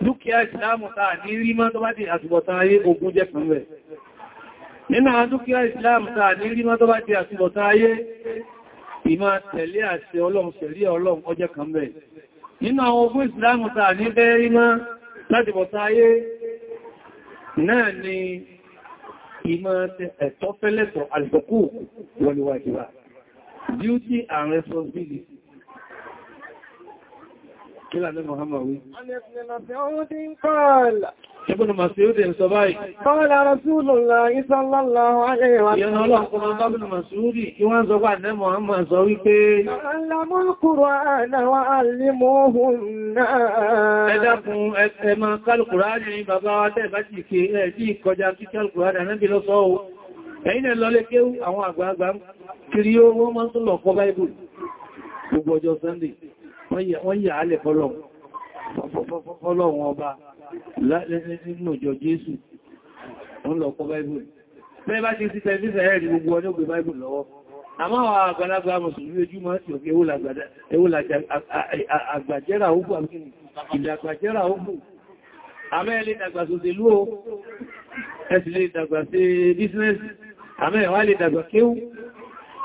dúkìá Islam tàà ní rí mọ́ tó bá di àtùbọ̀tán ayé nínú àwọn dúkìá Islam táà ní rí mọ́tọ́ bá ti àtúbọ̀tán ayé ìmá tẹ̀lé àti ọlọ́run tẹ̀lé ọlọ́run ọjẹ́ kan bẹ̀. nínú àwọn ogún Islam táà ní bẹ́ rí mọ́ láti bọ̀tán ayé náà ni ìmá ẹ̀tọ́ fẹ́lẹ́tọ̀ àlùkù wọlíwájíwá duty and responsibility Kí lànà Muhammad wí? Ọlẹ́sìn lọ Ibn Mas'ud ń sọ báyìí. Qala Rasulullahi sallallahu alaihi wa sallam. Ìyẹn ọlọ́kùnrin Ibn Mas'ud kí wọ́n sọ bá nẹ́mọ̀ ọmọ sọ wípé. Allamul wa allimuhun wa fọ́lọ́wọ́n ọba nínú ìjọ Jésù ń lọ kọ́ Báìbùlù bẹ́ẹ̀ bá ti sí tẹ̀lifíṣẹ̀ ẹ̀rì gbogbo ọdún gbé Báìbùlù lọ́wọ́ àmọ́ àwọn àgbàlagbà mùsùlùmí ojúmọ́ sí òkè àgbàjẹ́ra ogun àmìkìrì ìdàgbàjẹ́ra ogun àmẹ́ ilé ìdàgbà sòsèlú o ẹ̀sì lè dàgbà sí bísínẹ́sì àmẹ́ ìwà lè dàgbà kéwú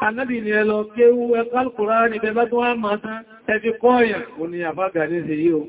anábì ni ẹlọ kéwú ẹkọ́ alkùnrin ní bẹbá tó wá máa tán ẹfi kọ́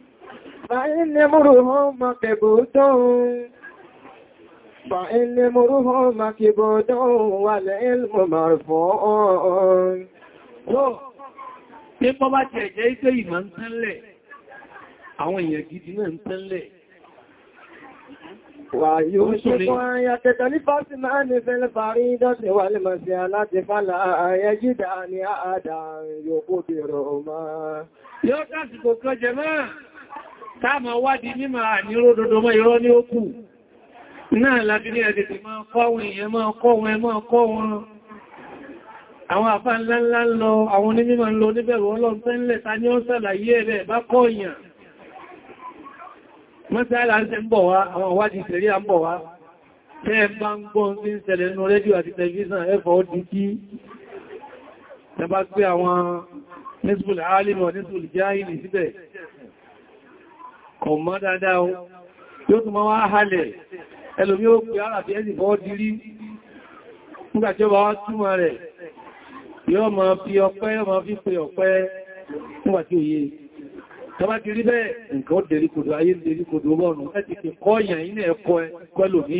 فإن مرهما كبوت فإن مرهما كبوت والعلم مرفوع Nípa bá ti ẹ̀jẹ́ ìpé ìmọ̀ ń tẹ́lẹ̀, àwọn èèyàn gidi náà ń tẹ́lẹ̀. Wà yóò ṣe fún àyà tẹta ní fásí máa ní fẹ́lẹ̀ parí ìdọ́sẹ̀ wà lè máa ṣe aláti fàlà ààyẹ jídà ní àádà yóò kó bèèrè ọmọ. Yóò táàmà wádìí mímọ̀ àníródodo mọ́ irọ́ ní ó kù náà láti ní ẹ̀dẹ̀dẹ̀ máa kọ́wọ̀n èèyàn máa kọ́wọ̀n ẹ máa kọ́wọ̀n àwọn àfá ńláńlá ń lọ àwọn onímọ̀ ń lọ níbẹ̀rù ọlọ́run tẹ́ńlẹ̀ ta ní ó sàlàyé rẹ̀ bá kọ́ọ̀yàn mọ́sálà ń ṣe ń bọ̀ wá àwọn àwádìí ìṣẹ̀rí à ń bọ̀ wá tẹ́ bá ń gbọ́ sí ń ṣẹlẹ̀ nínú rédíò àti tẹlifíṣàn ẹfọ́ ó di kí tẹ bá gbé àwọn nísbùl alìmọ̀ nísbùl jáìlì síbẹ̀ kọ̀ mọ́ dáadáa o yóò tún máa wá halẹ̀ ẹlòmí ó pè ara fi ẹ́sì fọwọ́ dirí nígbàtí ó bá wá rẹ̀ yóò ma fi ọpẹ́ yóò ma fi pe ọpẹ́ nígbàtí òye tọba ti rí bẹ́ẹ̀ nǹkan ayé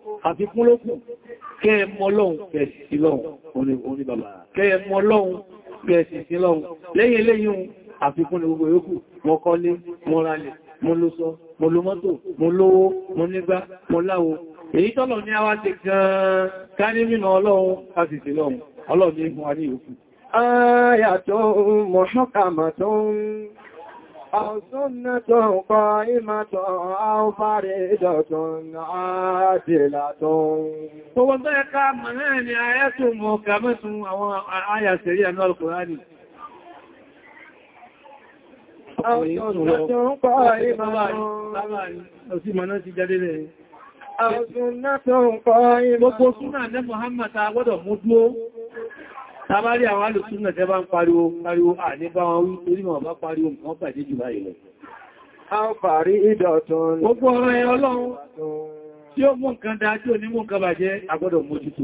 àti kún lókùn kẹ́ẹ̀ mọ́ lọ́hun kẹ́ẹ̀sì sí lọ́hun orí bàbá kẹ́ẹ̀ mọ́ lọ́hun kẹ́ẹ̀sì sí lọ́hun lẹ́yìn lẹ́yìn àfikún ní gbogbo yòókù mọ́ kọ́lé mọ́ ralẹ̀ mọ́ lóṣọ mọ́ lómọ́tò mọ́ lówó mọ́ nígbà mọ́ láwo èyí tọ́lọ̀ ní àwa ti gan-an ká ní mìnà ọlọ́run a sì Ọ̀súnnàtọ̀ pa ìmàtọ̀ àwọ́fàrí ìdọ̀tún àádìlàtún. Gbogbo tó yẹ ká mọ̀ náà ni ayẹ́tù mọ̀ kàmẹ́sùn àwọn ayàṣẹ̀rí ẹ̀nà Al-Kùránì. Ọ̀súnnàtọ̀ pa ìmàtọ̀ àwọ́fàrí ìdọ̀tún tàbárí àwọn alùsùn náà tẹ́ bá ń pariwo pariwo àní bá wọn wí torí wọn bá pariwo nǹkan pàdé jù báyìí lọ. a ń fàárí ìdọ̀tún gbogbo ọ̀rọ̀ ọlọ́run tí ó mú nǹkan dájú onímú nǹkan bàjẹ́ agbọ́dọ̀ mójútó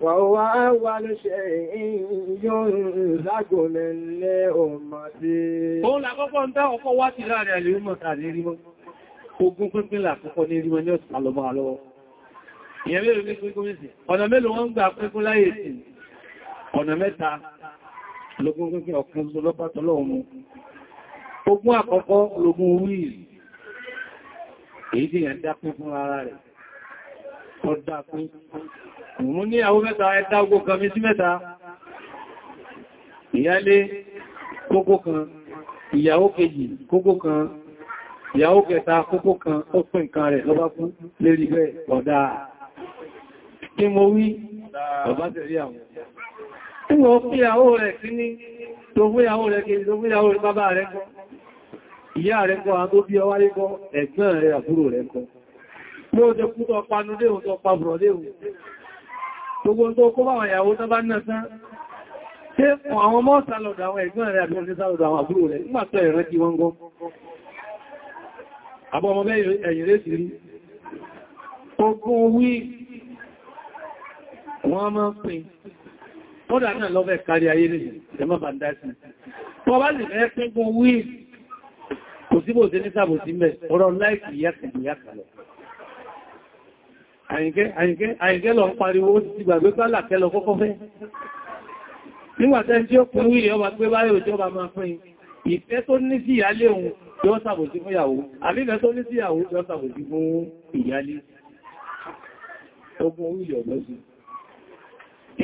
وهو أول شيء ينزق من لأمتي Òun làkọ́kọ́ ń dá ọkọ́ wá ti láàrin àlè ọmọ tàbí rímọ́. Ogun pínpín làkọ́kọ́ ní rímọ́ ní ọ̀sán lọ́mọ́ àlọ́wọ́. Ìyẹn mélòó ní pínpín mẹ́sì. Ọ̀nà mélòó wọ́n ń gbà pínpín láyé sí. Ọ̀nà mẹ́ta lógún pínpín ọ̀kan lọ́pàtọ́lọ́run. Ogun àkọ́kọ́ lógún wíìlì. Èyí tí mo ní àwọn mẹ́ta ẹ̀dá ogó kan mi sí mẹ́ta ìyálé kókó kan ìyàwó kejì kókó kan ìyàwó kẹta kókó kan ó pín nǹkan rẹ̀ lọ́bá fún lérí rẹ̀ ọ̀dá kí mo wí bàbá tẹ̀rí àwọn tí mo fi ìyàwó rẹ̀ sí ní tó fún ìyàwó rẹ̀ kejì tó fún ìyàwó rẹ̀ bàbá rẹ̀ kọ́ ìyá rẹ̀ kọ́ àwọn tó bí ọwá rẹ̀ kọ́ ẹ̀gbọ́n gbogbo tó kó bá àwọn ìyàwó tó bá náà tán tí àwọn mọ́ sálọ̀dọ̀ àwọn ẹ̀gbọ́n rẹ̀ àbí ọdún sálọ̀dọ̀ àwọn àbúrò rẹ̀ nígbàtọ̀ ẹ̀rẹ́ kí wọ́n gọ́ àbọ́ ọmọ ẹ̀yìn rẹ̀ sí rí ogun wí wọ́n máa ń pín kódà náà lọ́fẹ́ kárí ayé nìyàn ẹmọ́ bàndásí tó bá sì fẹ́ pín àyìnkẹ́ lọ ń pariwo ti gbàgbé pálà kẹ́lọ kọ́kọ́ fẹ́ nígbàtẹ́ tí ó pín wílẹ̀ ọba pé báyẹ̀ òjò ọba máa pín ìfẹ́ tó ní sí ìyálé òun yọ́ ṣàbòsí fún ìyàwó àbífẹ́ tó ní sí ìyàwó yọ́ ṣàbòsí fún ìyálé ogun wílẹ̀ ọ̀lọ́sí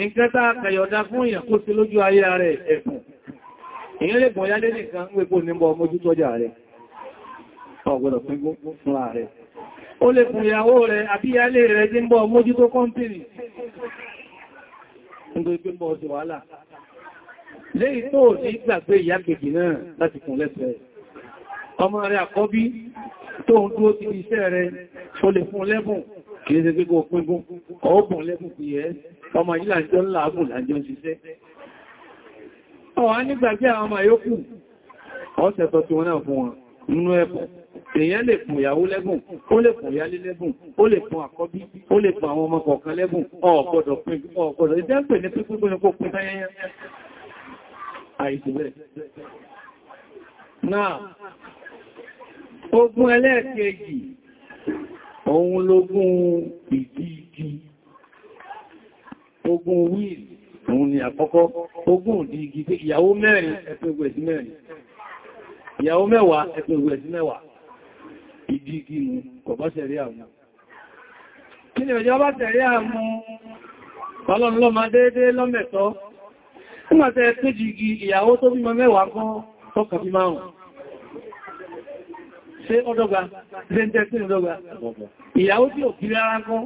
nǹkan tá kẹyọ̀dá fún èèyàn kó sí lójú ayé rẹ̀ ẹ̀kùn èèyàn lè gbọ̀n yálé nìkan ń wepo nímọ̀ ọmọ ojútọ́jà rẹ̀ ọgbọ̀dọ̀ pínkún fún ààrẹ ó lè fún ìyàwó rẹ̀ àbíyálé rẹ̀ tí ń bọ́ mójútó kọ́mpìnì nítorí pé mọ́ ọ̀sẹ̀ wàhálà lẹ́yìn tó ní gbàgbé ìyá kejì náà láti kún lẹ́sẹ̀ ọmọ rẹ̀ àkọ́bí tó ń dúró ti iṣẹ́ rẹ̀ ó lè fún lẹ́bùn kìí ṣe gbígbó pínkún ọ̀ọ́bùn lẹ́bùn fi ẹ́ ọmọ yìí làjọ ńlá àbùn làjọ ń ṣiṣẹ́ ọ̀wá nígbàgbé àwọn ọmọ yókù ọ̀sẹ̀ tọ́ tí wọ́n náà fún wọn nínú ẹ̀bùn èèyàn lè pùn ìyàwó lẹ́bùn ó lè pùn ìyálé lẹ́bùn ó lè pùn àkọ́bí ó lè pùn àwọn ọmọ kọ̀ọ̀kan lẹ́bùn ọ̀pọ̀dọ̀ pín ọ̀pọ̀dọ̀ ìdẹ́pẹ̀ ní pípín ní kó pín táyẹyẹ àìsìbẹ̀ náà ogún ẹlẹ́ẹ̀kejì òun lógún ìdígi ogún wíìlì òun ni àkọ́kọ́ ogún ìdígi ìyàwó mẹ́rin ẹ̀fẹ́gbẹ̀ sí mẹ́rin ìyàwó mẹ́wàá ẹgbẹ̀ ìwẹ̀ sí mẹ́wàá ìdí igi mú kò bá ṣẹ̀rí àwọn kí ni ọjọ́ bá ṣẹ̀rí àmú ọlọ́run lọ́mà déédéé lọ́mẹ̀tọ́ nígbàtẹ́ kéjì igi ìyàwó tó bímọ mẹ́wàá kan tọ́kà bí márùn ṣe ọdọ́gba lẹ́ntẹ́ sí ọdọ́gba ìyàwó tí ò kiri ara kan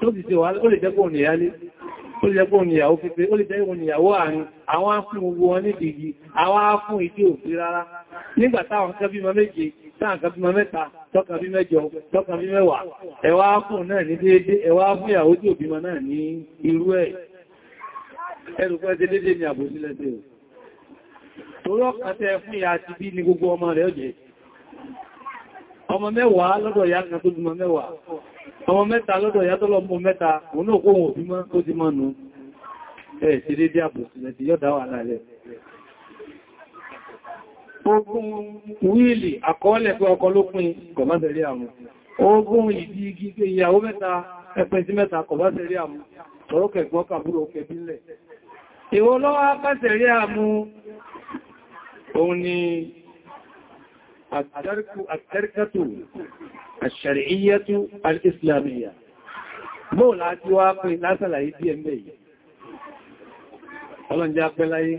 tó sì ṣe wà ó lè jẹ́kọ̀ọ́ nìyálé ó lè jẹ́gbọ́n ìyàwó fífẹ́ ó lè jẹ́ ìyàwó àárín àwọn afún gbogbo wọn níbi igi àwọn afún ìdí òfin rárá nígbà táwọn kan bímọ méje táwọn kan bímọ mẹ́ta tọ́kan bí mẹ́jọ tọ́kan bí mẹ́wàá ẹwà afún náà ní déédé ẹwà afún ìyàwó tí òbímọ náà ní irú ẹ̀ ọmọ mẹ́ta lọ́dọ̀ ìyá tọ́lọ mọ́ mẹ́ta òun náà kóhùn òbí mọ́ tó ti mọ́ nù ẹ̀ ṣe dédé àbòsílẹ̀ ti yọ́dá wà lálẹ́ ogun wíìlì àkọọ́lẹ̀ pé ọkọ ló pín kọ̀bátẹ̀rí àmú ogun ìdí igi pé ìyàwó mẹ́ta ẹpẹ́ sí mẹ́ta kọ̀bátẹ̀rí àmú tọ́rọkẹ̀ àṣàríyàtú al'islamiyya mọ́ láti wá pé lásàlàyé bí ẹgbẹ́ yìí ọlọ́njẹ́ apẹ́láyé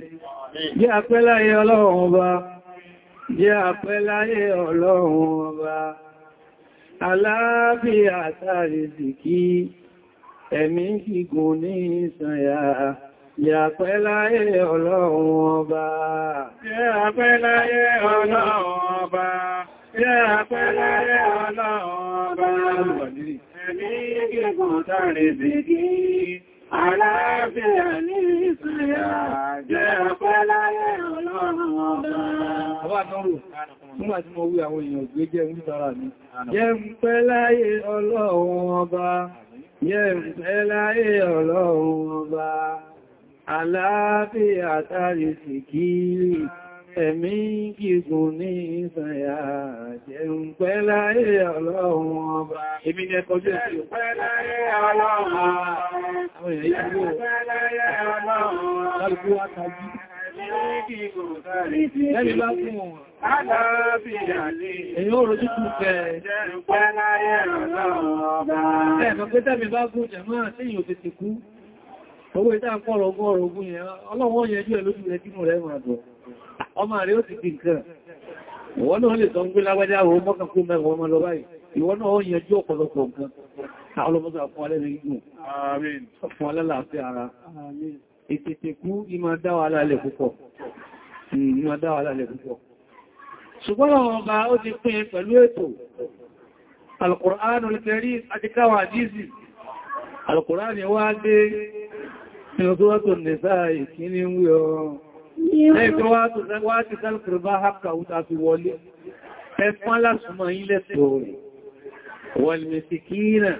jẹ́ apẹ́láyé ọlọ́run ọba jẹ́ apẹ́láyé ọlọ́run ọba aláàbíyà àtàrí sìkí ẹ̀mí gígùn ní ìsànyà Jẹ́ apẹ́láyé ọlọ́run ọba. Jẹ́ apẹ́láyé ọlọ́run ọba. Yẹ́ àpẹẹrẹ ọlọ́run ọba ẹ̀mí gígùn tàrí bèèrè àlàáfíà ní ìsìnlẹ̀ jẹ́ àpẹẹrẹ ọlọ́run ọba. Ọba tọ́rù, nígbà tí mo wí àwọn èèyàn gbé jẹ́ ń tara mi. Jẹ́ ń pẹ́ láyé ọlọ́run ọba, jẹ́ ń pẹ́ láyé ọlọ́run ọba, àlàáfíà tàrí sìkí ẹ̀mí gígùn ní ìsànyà jẹun pẹ́ ọlọ́run ọba. Èmi ni ẹkọ jẹ́ sí pẹ́ láyé ọlọ́run ọba. Àwọn èèyàn yìí pẹ́ láyé ọlọ́run ọba. Lálùkú wá tàbí. Ẹ̀mí gígùn sáré. Ẹni bá fún wọn. Alábìyà ní. Èyí ó rojú tún fẹ́. Jẹun pẹ́ láyé ọlọ́run ọba. Ẹ̀kọ́ pé tẹ́mi bá gún jẹ̀mọ́ àti ìyò tètè kú. Owó ìta ń pọ̀rọ̀ ọgọ́rùn-ún yẹn, ọlọ́run yẹn jú ẹ̀ lójú rẹ̀ kínú rẹ̀ máa ọmọ rẹ̀ ó ti di nǹkan ìwọ́n náà lè sọ ń gbé lágbàjá àwọn mọ́kàn pé mẹ́rin ọmọ lọ báyìí ìwọ́n náà ó yanjú ọ̀pọ̀lọpọ̀ nǹkan ọlọ́mọ́sà fún alẹ́rin igun fún alẹ́láàfẹ́ ara ìtètèkú ìmọ̀ dáwà alálẹ̀ púpọ̀ ṣùgbọ́n ọba ó ti pín pẹ̀lú ètò al Al-Qur'ani wá dé ní ọdún wọ́n tó nìsáà ìkíní ń wí ọ̀rọ̀ Ẹgbẹ́ wá ti sálùkùrù bá hapkà wúta fi wọlé, ẹfún alásùmọ̀ ilẹ̀ tòrò, wọlmẹ̀sìkínà,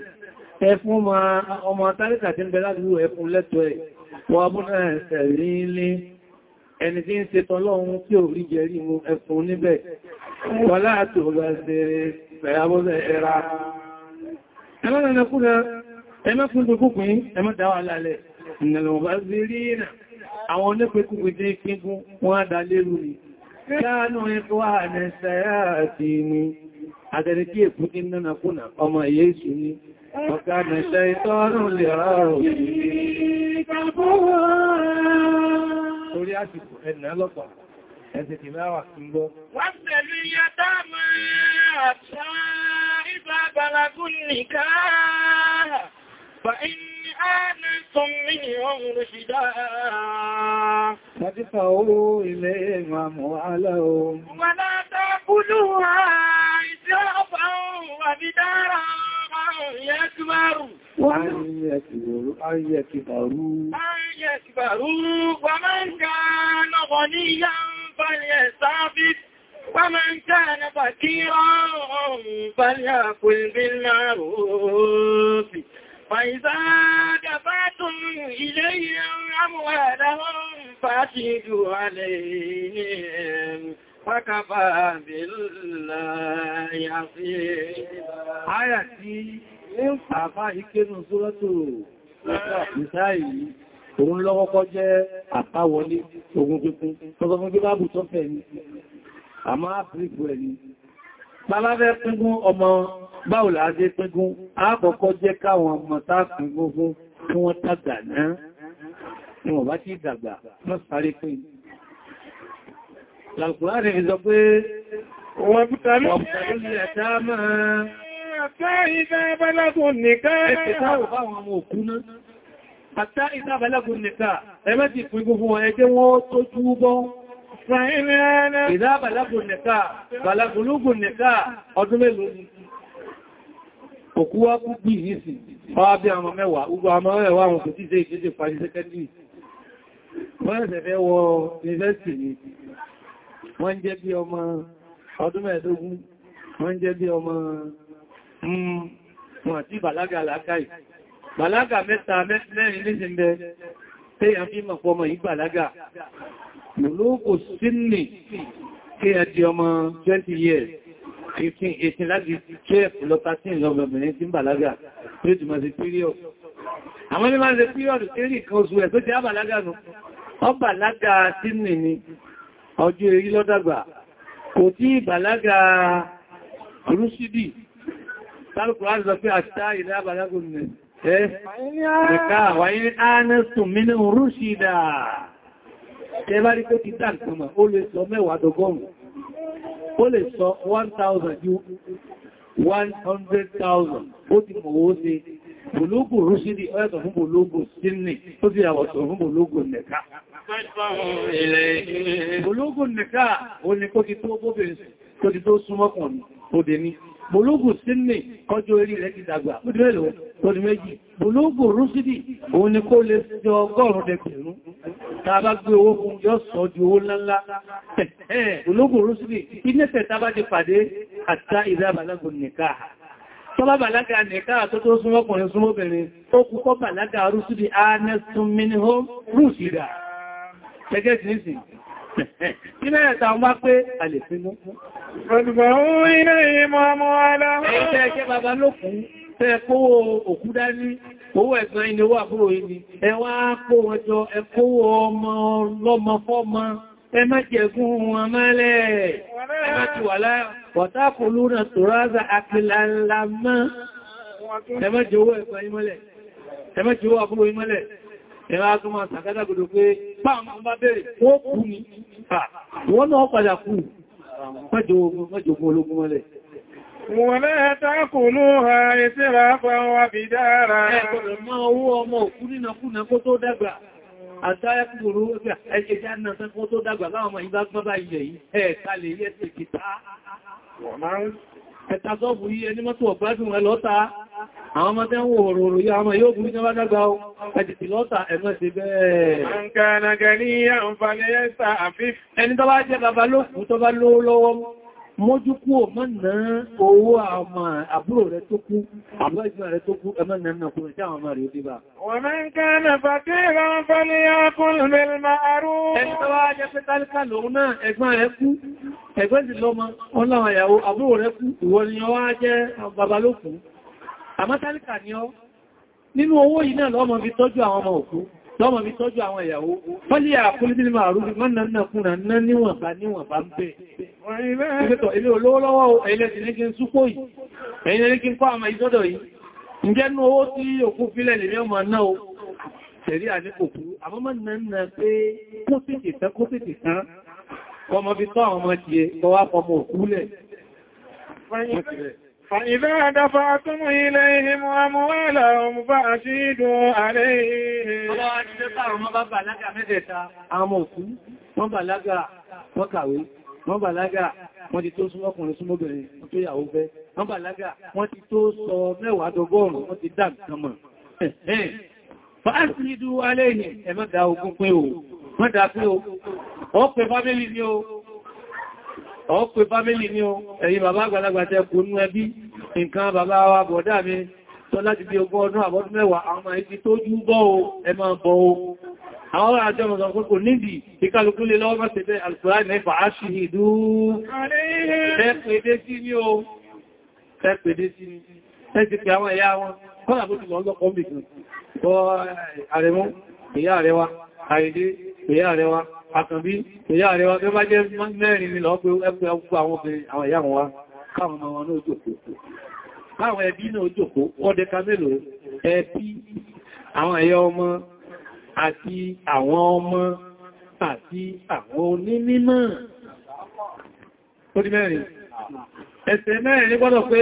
ẹfún ọmọ tálíkà tí ń bẹ láti wú ẹfún lẹ́tọ̀ ẹ̀, wọ́n bú náà ẹ̀sẹ̀rí ilé, ẹni tí ń ṣe tọ́lọ́run tí ò rí jẹrí mú ẹfún níbẹ̀. Wọ́n láàtò bá ṣeré fẹ̀yàbọ́sẹ̀ ẹra. Ẹmọ́ àwọn onípẹ̀kúgbìdé kígún wọ́n dá lérú ni káánù a ànẹ́sẹ̀yà àti ni àtẹ̀lẹ́kí èkúté náà kúnà ọmọ Yésù ni ọ̀ká nẹ̀ṣẹ́ ìtọ́rùn lè ráàrùn آمنتم منهم رشدا فادفعوا إليهم وعلوهم ولا تأكلوها إسرافا وبدارا يكبروا وأن يكبروا أن يكبروا أن يكبروا ومن كان غنيا فليستعفف ومن كان فكيرا فليأكل بالمعروف فإذا فأشهدوا عليهم وكفى بالله حسيبا Àyà tí àfá ìkénu sórọ́tò ìsáyì, òun lọ́wọ́kọ́ jẹ́ àtàwọlé ogun pínpín, tọ́sọ fún gbígbà bù tọ́fẹ́ ní, a máa pínpù ẹ̀ ní. Bàbá fẹ́ pínkún ọmọ báwòlá ajé pínkún, àkọ́kọ́ jẹ́ káwọn ọmọ tá ni wọ́n bá ti dàgbà mọ́ sáré pé làkùnrin rẹ̀ sọ pé wọ́n pútàrí ẹ̀ta máa àtà ìdá abẹ́lágùn nìkan ẹ̀ta ò bá wọn òkú náà àtà ìdá abẹ́lágùn nìkan ẹ̀mẹ́tì fún gbogbo ẹgbẹ́ wọn tó jú bọ́ ìdá abẹ́lágùn nìkan bàlágùnlógún nìkan ọdún mélòó òkú wá kú bí ìrísì ọwá bí àwọn mẹ́wàá gbogbo àwọn mẹ́wàá àwọn kò tí ṣe ìṣẹ́jẹ́ parí sẹ́kẹ́ndìrì wọ́n ẹ̀sẹ̀ fẹ́ wọ yunifásitì ni wọ́n jẹ́ bí ọmọ ọdún mẹ́ẹ̀dógún wọ́n jẹ́ bí ọmọ hmm, wọn àti bàlágà làákàì bàlágà mẹ́ta mẹ́rin nísìn bẹ pé a fi mọ̀ pọmọ bàlágà lóòkò sínì kí a di ọmọ 20 years 15 láti 12 lọ 13 lọ bẹ̀rẹ̀ sí bàlágà àwọn ní máa ń ṣe píríọ̀dù eré kan oṣù ẹ̀ tó ti ábàlágà nù ọbàlágà sínú ni ọjọ́ eré lọ́dàgbà kò tí ìbàlágà rúṣídì tálùkù láti sọ pé àṣà ilẹ̀ ábàlágà nù ẹ́ ẹ̀ká wáyé ánẹ́sùn mínú rúṣídà tẹ́bá rí pé ti dáǹkanmà ó lè sọ mẹ́wàá dọ́gọ́rùn ó lè sọ 1000 ju 100,000 ó ti mọ̀ ó sí bòlógò rúṣídì ọ̀yẹ́tọ̀ fún bòlógò sínì tó ti àwọ̀tọ̀ fún bòlógò nẹ̀ká. bòlógò nẹ̀ká o ní kó ti tó bóbìnrin tó ti tó súnmọ́kùn tó dé ní bòlógò sínì kọjọ́ orí rẹ̀ ti dàgbà ó dé lọ tó di méjì bòlógò rúṣídì o ní kó lè jọ ọgọ́rùn dẹgbẹ̀rún tàbá gbé owó fún yọ́ sọ di owó ńláńlá bòlógò rúṣídì tọ́bá bàlágà nìká tó tó súnmọ́ ọkùnrin súnmọ́ obìnrin ó kú kọ́ bàlágà rúsù di anẹ́sùn mínú rúsìdà gẹ́gẹ́ sí nìsì kí náà ẹ̀ta wọ́n bá pé alè sínú owó ẹ̀sán ìnáwó àbúrò yìí ni ẹwà kó wọn jọ ẹkówó ọmọ ọlọ́mọ fọ́mọ ẹ má jẹgún wọn mọ́lẹ̀ ẹ má ti wà láyọ̀ wọ̀tákù lúnà tòrázà àkìlà ńlá mọ́ ẹ má jẹ owó ẹ̀kọ́ imọ́lẹ̀ ẹ má jẹ owó àbúrò imọ́lẹ̀ ẹ má tó máa sàkádàgbòdò pé pàmọ́ bá bẹ̀rẹ̀ wọ́n kú ni àtàyàkùrù ẹgbẹ̀ jáàdínà sẹ́kún tó dàgbà láwọn ọmọ ìgbà gbọ́bá ilẹ̀ yìí ẹ̀ẹ̀ta lè yẹ́ ti ẹ̀ta sọ́bù yí ẹni mọ́tò lọ́ta àwọn ń wò òròrò ọmọ yóò burú jọba dágbà ọ ẹ̀dìtì lọ́ta ẹ̀mọ́ sí bẹ́ẹ̀ ẹni tó jẹ́ bàbá lókùn tó lówó lọ́wọ́ mójúkú o mọ́ ná owó àwọn àbúrò rẹ̀ tó kú àbúrò ìgbà rẹ̀ tó kú ẹmọ́ náà náà kúrò jáwọn ọmọ rẹ̀ ó débà. wọ́n mẹ́ ń kẹ́ ẹ̀nà fàkíra ń ní ọkùnrin mẹ́rin máa rú lọ́mọ̀ mi tọ́jú àwọn ìyàwó fọ́lí àkúlébílì máa rú mọ́nà náà kúnnà náà níwọ̀nbá níwọ̀nbá ń bẹ̀. ilé olówó lọ́wọ́ ẹ̀lẹ́ ti ní kí n súpò yìí ẹ̀yìn ní kí n kọ́ àmà ìsọ́dọ̀ yìí ǹjẹ́ nú owó tí òkú fílẹ̀ lè mọ́ náà tẹ̀rí àdíkòkú àmọ́mọ́ náà pé kó tètè tán kó tètè tán kọmọ fi tọ́ فإذا دفعتم إليهم أموالهم فأشيدوا عليهم wọ́n bàlágà wọ́n kàwé wọ́n bàlágà wọ́n ti tó súnmọ́kùnrin súnmọ́bìnrin wọ́n tó yàwó fẹ́ wọ́n bàlágà wọ́n ti tó sọ mẹ́wàá dọgọ́rùn wọ́n ti dá nǹkan mọ̀ fa'asidu aléhìn ẹ̀mọ́dá ogun pín o wọ́n dá pín o ó pẹ ọ pé fámílì ní ẹ̀yìn bàbá àgbàlagbà tẹ́ kò ní ẹbí nǹkan bàbá wa bọ̀dá mi tó láti bí ogún ọdún àbọ́dún mẹ́wàá àwọn ibi tó jú bọ́ o ẹ máa bọ́ o àwọn àjọ ọmọ kòkò nídi ìkàlùkú lè lọ́wọ́ bá tẹ́bẹ̀ alùpùrá mẹ́fà áṣì ìdú ẹ̀pẹ̀dé sí ní o ẹ̀pẹ̀dé sí ní ẹ̀sì pé àwọn ẹ̀yà àrẹ̀mú ìyá àrẹwà àìdé ìyá àrẹwà àtàbí ìyá rẹ̀ wá pé bá jẹ́ mẹ́rin ni lọ pé ẹgbẹ́ ọgbọ́ àwọn obìnrin àwọn ìyá wọn káwọn ọmọ wọn náà jòkó káwọn ẹbí náà jòkó ọdẹ kamelo ẹbí àwọn ẹ̀yà ọmọ àti àwọn ọmọ àti àwọn onímímọ̀ ó di mẹ́rin ẹsẹ̀ mẹ́rin ní gbọ́dọ̀ pé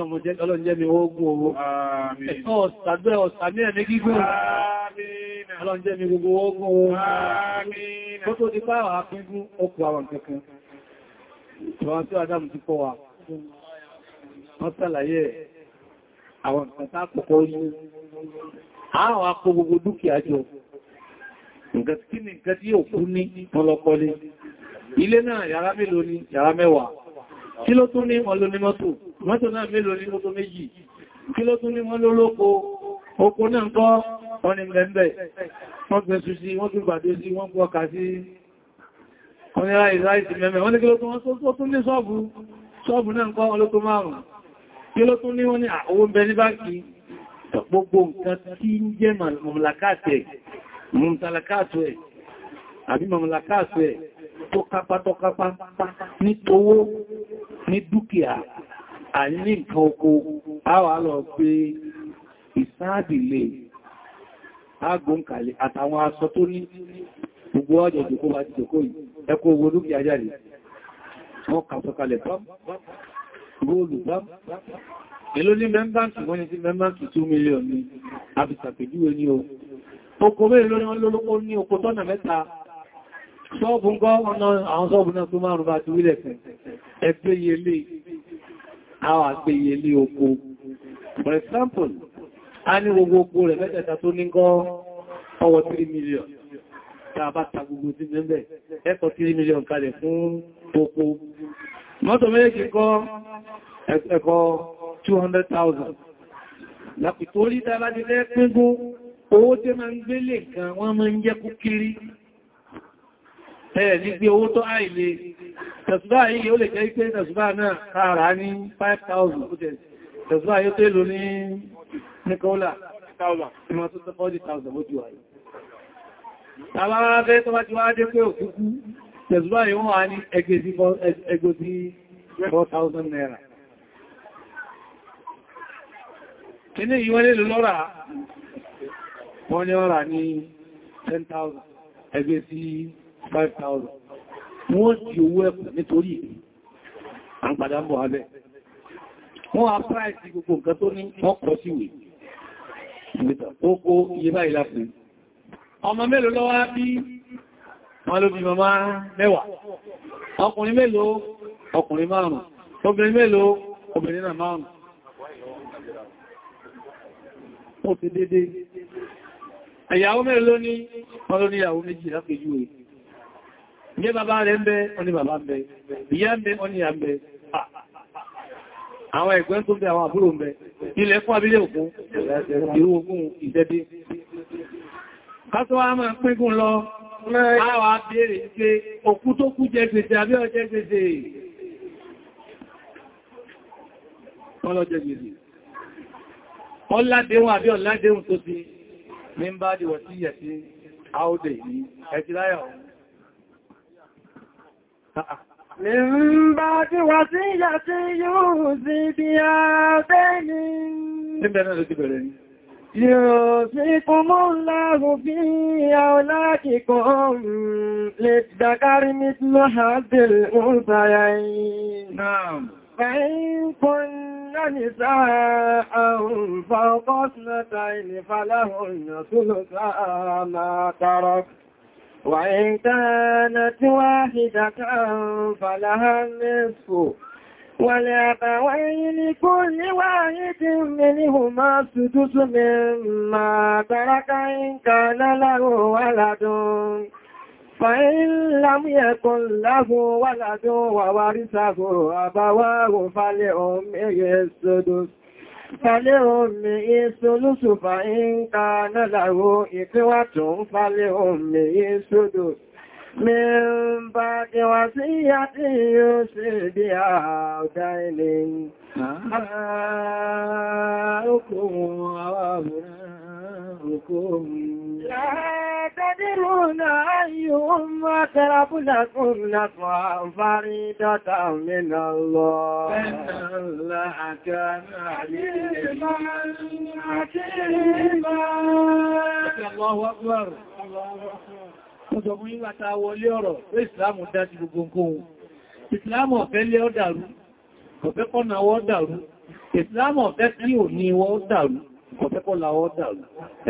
ọlọ́njẹ́ mi ogun owó ẹ̀kọ́ ọ̀sàgbẹ́ ọ̀sàmí ẹ̀mí gígùn ọlọ́njẹ́ mi gbogbo ogun owó kó tó di pàwà pínkún okù àwọn kẹkùn ìwọ̀n adam ti kọ́ wa wọ́n sàlàyé àwọn ìpẹta àkọ́kọ́ yìí àwọn akọ gbogbo dúkìá jọ nǹkan tí ní nǹkan tí yóò kú ní ọlọ́kọ́lé ilé náà yàrá mélòó ni yàrá mẹ́wàá kí ló tún ní ọlọ́nímọ́tò mọ́tò náà mélòó ní mọ́tò méjì kí ló tún ní wọ́n lólóko oko náà kọ́ wọ́n ni mẹ́mẹ́ wọ́n gbẹ̀sù sí wọ́n tún gbàdé sí wọ́n gbọ́ ọkà sí wọ́n ni ráì ráì sí mẹ́mẹ́ wọ́n ni kí ló tún wọ́n tún ní ṣọ́ọ̀bù ṣọ́ọ̀bù náà kọ́ wọ́n lóko márùn-ún kí ló tún ní wọ́n ní owó ń bẹ ní báńkì gbogbo nǹkan tí ń jẹ́ mọ̀mọ̀lákàtù ẹ̀ àbí dúkìá àní ní nǹkan oko àwà lọ pé ìsáàdìlé agbóǹkàlẹ̀ àtàwọn aṣọ tó ní gbogbo ọjọ́ ìjòkó bá ti jòkó yìí ẹkọ owó dúkìá jáde wọ́n kàfọ́kalẹ̀ bá góòlù bá èló ní mẹ́mbàǹtì wọ́n ni sí mẹ́mbàǹtì 2 million ní àbìsàpèjúwe ní o oko mẹ́rin lórí wọ́n lólókó ní oko tọ́nà mẹ́ta ṣọ́ọ̀bù ń gọ́ àwọn ṣọ́ọ̀bù náà tó márùn-ún bá ti wílẹ̀ fẹ́ ẹgbẹ́ yẹlé àwọn àgbéyẹlé oko for example a ní gbogbo oko rẹ̀ mẹ́tẹ̀ẹ̀ta tó ní kọ́ ọwọ́ 3 million tá bá ta gbogbo tí mẹ́bẹ̀ ẹ̀kọ́ 3 million kalẹ̀ fún oko mọ́tò méjì kọ́ ẹ̀kọ́ 200,000 lápìtórí dára ní lẹ́pẹ́gún owó tí ma ń gbélé ẹ̀rẹ̀ ní pé owó tó àìlè tẹ̀sùbá yìí ó lè jẹ́ pé tẹ̀sùbá náà káàrà ní 5,000 tẹ̀sùbá yóò tẹ́lò ní nikola 40,000 bó ti wà yìí tàbára fẹ́ tó bá ti wá dé pé òkúkú tẹ̀sùbá yìí naira kíní ìwọ́n lè lò lọ́ra wọ́n ní ọ̀rà ní 4,000 5,000 wọ́n tí owó ẹ̀kùn nítorí àpàdánbọ̀ abẹ́ wọ́n a price gbogbo nǹkan tó ní wọ́n kọ síwè ó iye báyìí láti ọmọ mélòó lọ́wọ́ bí wọ́n ló bí màmá mẹ́wàá ọkùnrin mélòó ọkùnrin márùn-ún obìnrin mélòó obìnrin náà márùn-ún ó ti dédé ẹ̀yàwó mélòó ní wọ́n ló ní ìyàwó méjì lápèjúwe ní bàbá rẹ̀ ń bẹ oní bàbá ń bẹ ìyá ń bẹ oní ìyá ń bẹ àwọn ẹ̀gbẹ́ tó bẹ àwọn àbúrò ń bẹ ilẹ̀ fún abílẹ̀ òkun ìrú ogún ìdẹ́dé kásọ́wà máa pínkún lọ àwọn abẹ́rẹ̀ pé òkú tó kú jẹ gbèsè àbí ọjẹ gbèsè wọ́n lọ jẹ gbèsè ọládéhun àbí ọládéhun tó ti ní ń bá dìwọ̀ sí yẹ̀ sí àódè yìí ẹ̀kìláyà ọ̀hún Nígbà tí wà sí ìyà tí yóò sí bí abẹ́ ni. Nígbà náà ló ti bẹ̀rẹ̀ ni. Yóò sí kún mọ́ láàrù bí ìyà ọlákìkọ́ lè dàkárí ní lọ́hàdìl ń sáyà yìí. Náà. فإن كن نساء فوق اثنتين فلهن ثلثا ما ترك وإن كانت واحدة فلها النصف ولأبوين لكل واحد منهما سدس مما ترك إن كان له ولد فإن لم يكن له ولد وورثه أبواه فلأمه السدس Falé omi ìsolúsùfà ń ká náà láwó ìpínwà tó ń falé omi ìsodò من بعد وصية يوصي بها دين آباؤكم وأبناؤكم لا تدرون أيهم أقرب لكم نفعا فريدة من الله إن الله كان عليما حكيما الله أكبر الله أكبر mo sọ fún yíwá ta wọlé ọ̀rọ̀ pé ìsìlámù dá sí gbogbo nǹkan ìsìlámù ọ̀fẹ́ lé ọ́ dàrú ọ̀fẹ́ kọ́nà wọ́ dàrú ìsìlámù ọ̀fẹ́ sí òní wọ́ dàrú ọ̀fẹ́ kọ́là wọ́ dàrú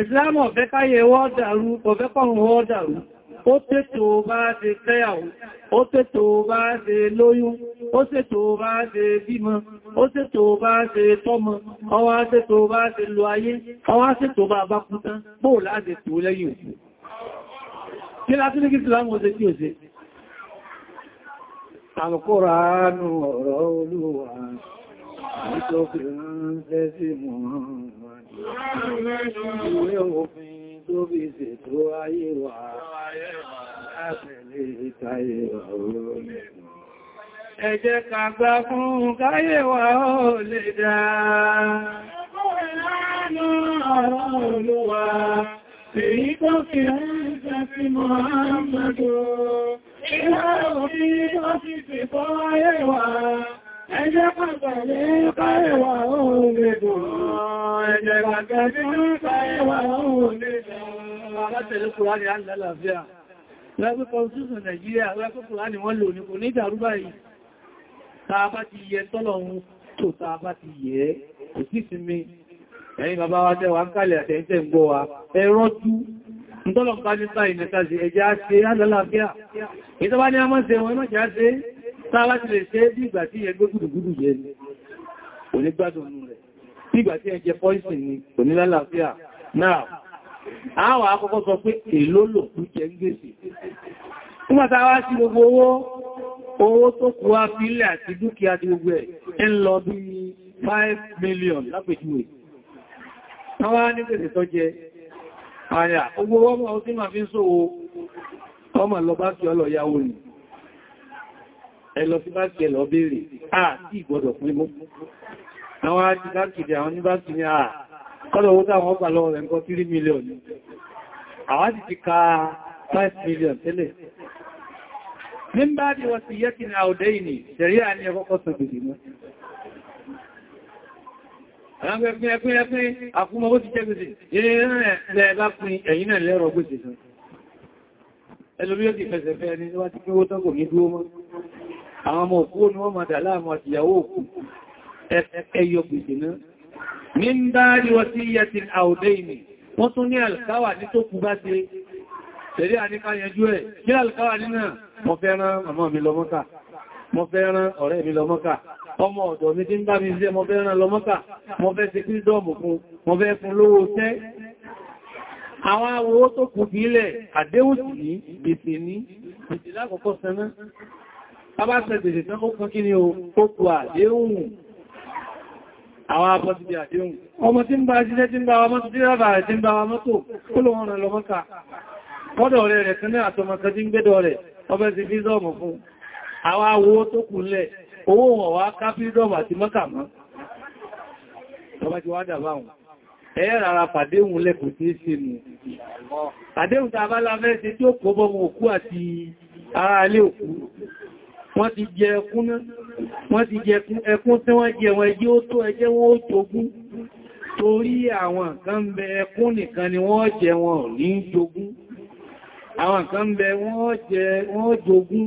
ìsìlámù ọ̀fẹ́ káyẹ wọ́ dàrú ọ̀fẹ́ kọ́rùn wọ́ dàrú ó tètò bá ṣe fẹ́yàwó ó tètò bá ṣe lóyún ó tètò bá ṣe bímọ ó tètò bá ṣe kí láti ní kí ìsìlámù ó ṣe tí ó ṣe alukóránù ọ̀rọ̀ olúwa nítòkè ń fẹ́ sí Muhammadu ìwé òfin tó fi ṣètò ayé wa láàpẹ̀lẹ̀ ọ̀rọ̀ ẹ èyí tó fi ránṣẹ́ sí Muhammadu ìhà òní tó ti fi fọ́ ayé wa ẹjẹ́ pàtàlẹ́ káyẹ̀wà òun lè dùn ẹjẹ́ pàtàlẹ́ káyẹ̀wà òun lè dùn látẹ̀lẹ́ Kùránì alẹ́làfíà lẹ́gbẹ́ constitution Nigeria lẹ́gbẹ́ Kùránì wọ́n lò ní kò ní ìdàrúbà ẹ̀yìn bàbá wa tẹ́wà ń kàlẹ̀ àtẹ́ẹ̀tẹ́ ń gbọ́ wa ẹ̀rọ tú ìtọ́lọ̀pá ní sáà ìnẹ̀sáàsì ẹjá ṣe alálàáfíà ìtọ́bá ní a mọ́ ṣe wọn ẹmọ́jà ṣe sáàlá ti lè ṣe bí ìgbà tí ẹgbẹ́ gùdùgùdù yẹ ni onígbádùn rẹ̀ bí ìgbà tí ẹjẹ pọ́ìsì ni onílálàáfíà náà àwọn akọ́kọ́ sọ pé èló lòkú jẹ ń gbèsè nígbàtà wá sí gbogbo owó owó tó kú wá fílẹ̀ àti dúkìá ti gbogbo ẹ̀ ń lọ bí 5 million lápèjúwe àwọn anígbèsè ọmọ lọ bá kí ọlọ yáwó ni ẹlọ sí bá kí ẹlọ béèrè àti ìgbọ́dọ̀ fún imú àwọn àti bá kìdì àwọn ní bá kì ní àà kọ́lọ̀ owó táwọn ọgbà lọ rẹ̀ nǹkan 3 million àwọn ti ti ka 5 million tẹ́lẹ̀ àwọn ẹgbẹ́ ẹgbẹ́ ẹgbẹ́ àfúnmọ́ ó ti jẹ́ gbèsè ẹ̀ẹ́lẹ́ẹ̀bá pin ẹ̀yìn náà lẹ́rọ gbèsè sàn ẹlòmí ó ti fẹsẹ̀ fẹ́ ẹni wá ti kíwó tọ́kò ní dúó mọ́ àwọn ọmọ òkú ní wọ́n máa dà láàmù àti ìyàwó òkú ẹyọ gbèsè náà ní ń bá rí wọ́n sí iye ti àòdé ìní wọ́n tún ní alkawa ní tó kú bá ti tẹ̀lé àníká yẹjú ẹ̀ kí alkawa nínà mo fẹ́ rán màmá mi lọ mọ́kà mo fẹ́ rán ọ̀rẹ́ mi lọ mọ́kà ọmọ ọ̀dọ̀ mi tí ń bá mi ṣe mo fẹ́ rán lọ mọ́ta mo fẹ́ ṣe kírídọ̀mù fún mo fẹ́ fún lówó tẹ́ àwọn awowó tó kù bí ilẹ̀ àdéhùn sí ní gbèsè ní gbèsè lákọ̀ọ́kọ́ sẹ́nà bábá sẹ gbèsè tán ó kan kí ni ó kù àdéhùn àwọn abọ́sílẹ̀ àdéhùn ọmọ tí ń bá ṣiṣẹ́ tí ń tó kù lẹ̀ owó wọn wá káfírídọ́m àti mọ́kàmá tọ́bájú wádà báhùn ẹ̀yẹ́ rárá pàdéhùn lẹ́kùn tí sí mú pàdéhùn tàbá láfẹ́ sí tí ó kó bọ́ wọn òkú àti ara alé òkú wọ́n ti jẹ ẹkún wọ́n ti jẹ ẹkún tí wọ́n jẹ wọn ẹjẹ́ ó tó ẹjẹ́ wọn ó jogún torí àwọn kan bẹ ẹkún nìkan ni wọ́n jẹ wọn ò ní jogún àwọn kan bẹ wọ́n jẹ wọ́n jogún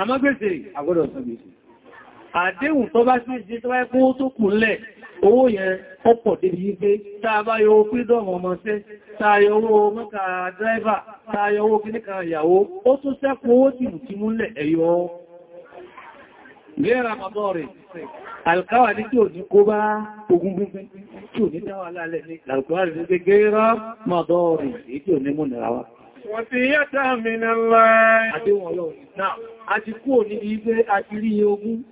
àmọ́ gbèsè àgbọ́dọ̀ san gbèsè àdéhùn tó bá sí ṣe tó bá ẹkùn ó tó kù lẹ̀ owó yẹn ọ̀pọ̀ débi wípé táa bá yọ owó freedom ọmọṣẹ́ táa yọ owó mọ́ta driver táa yọ owó kíníkan ìyàwó ó tún sẹ́kù owó tìmù tí múlẹ̀ ẹ̀yọ́ lẹ́ra mọ́tọ́ rẹ̀ alkawa ní tí ò ní kó bá ogun gbígbín tí ò ní dáwà lálẹ́ ní alkawa rẹ̀ ní gẹ́gẹ́rá mọ́tọ́ rẹ̀ èyí tí ò ní múnira wa wọ́n ti yẹ́ta mìíràn láàá a ti kúrò ní ilé àkìrí ogún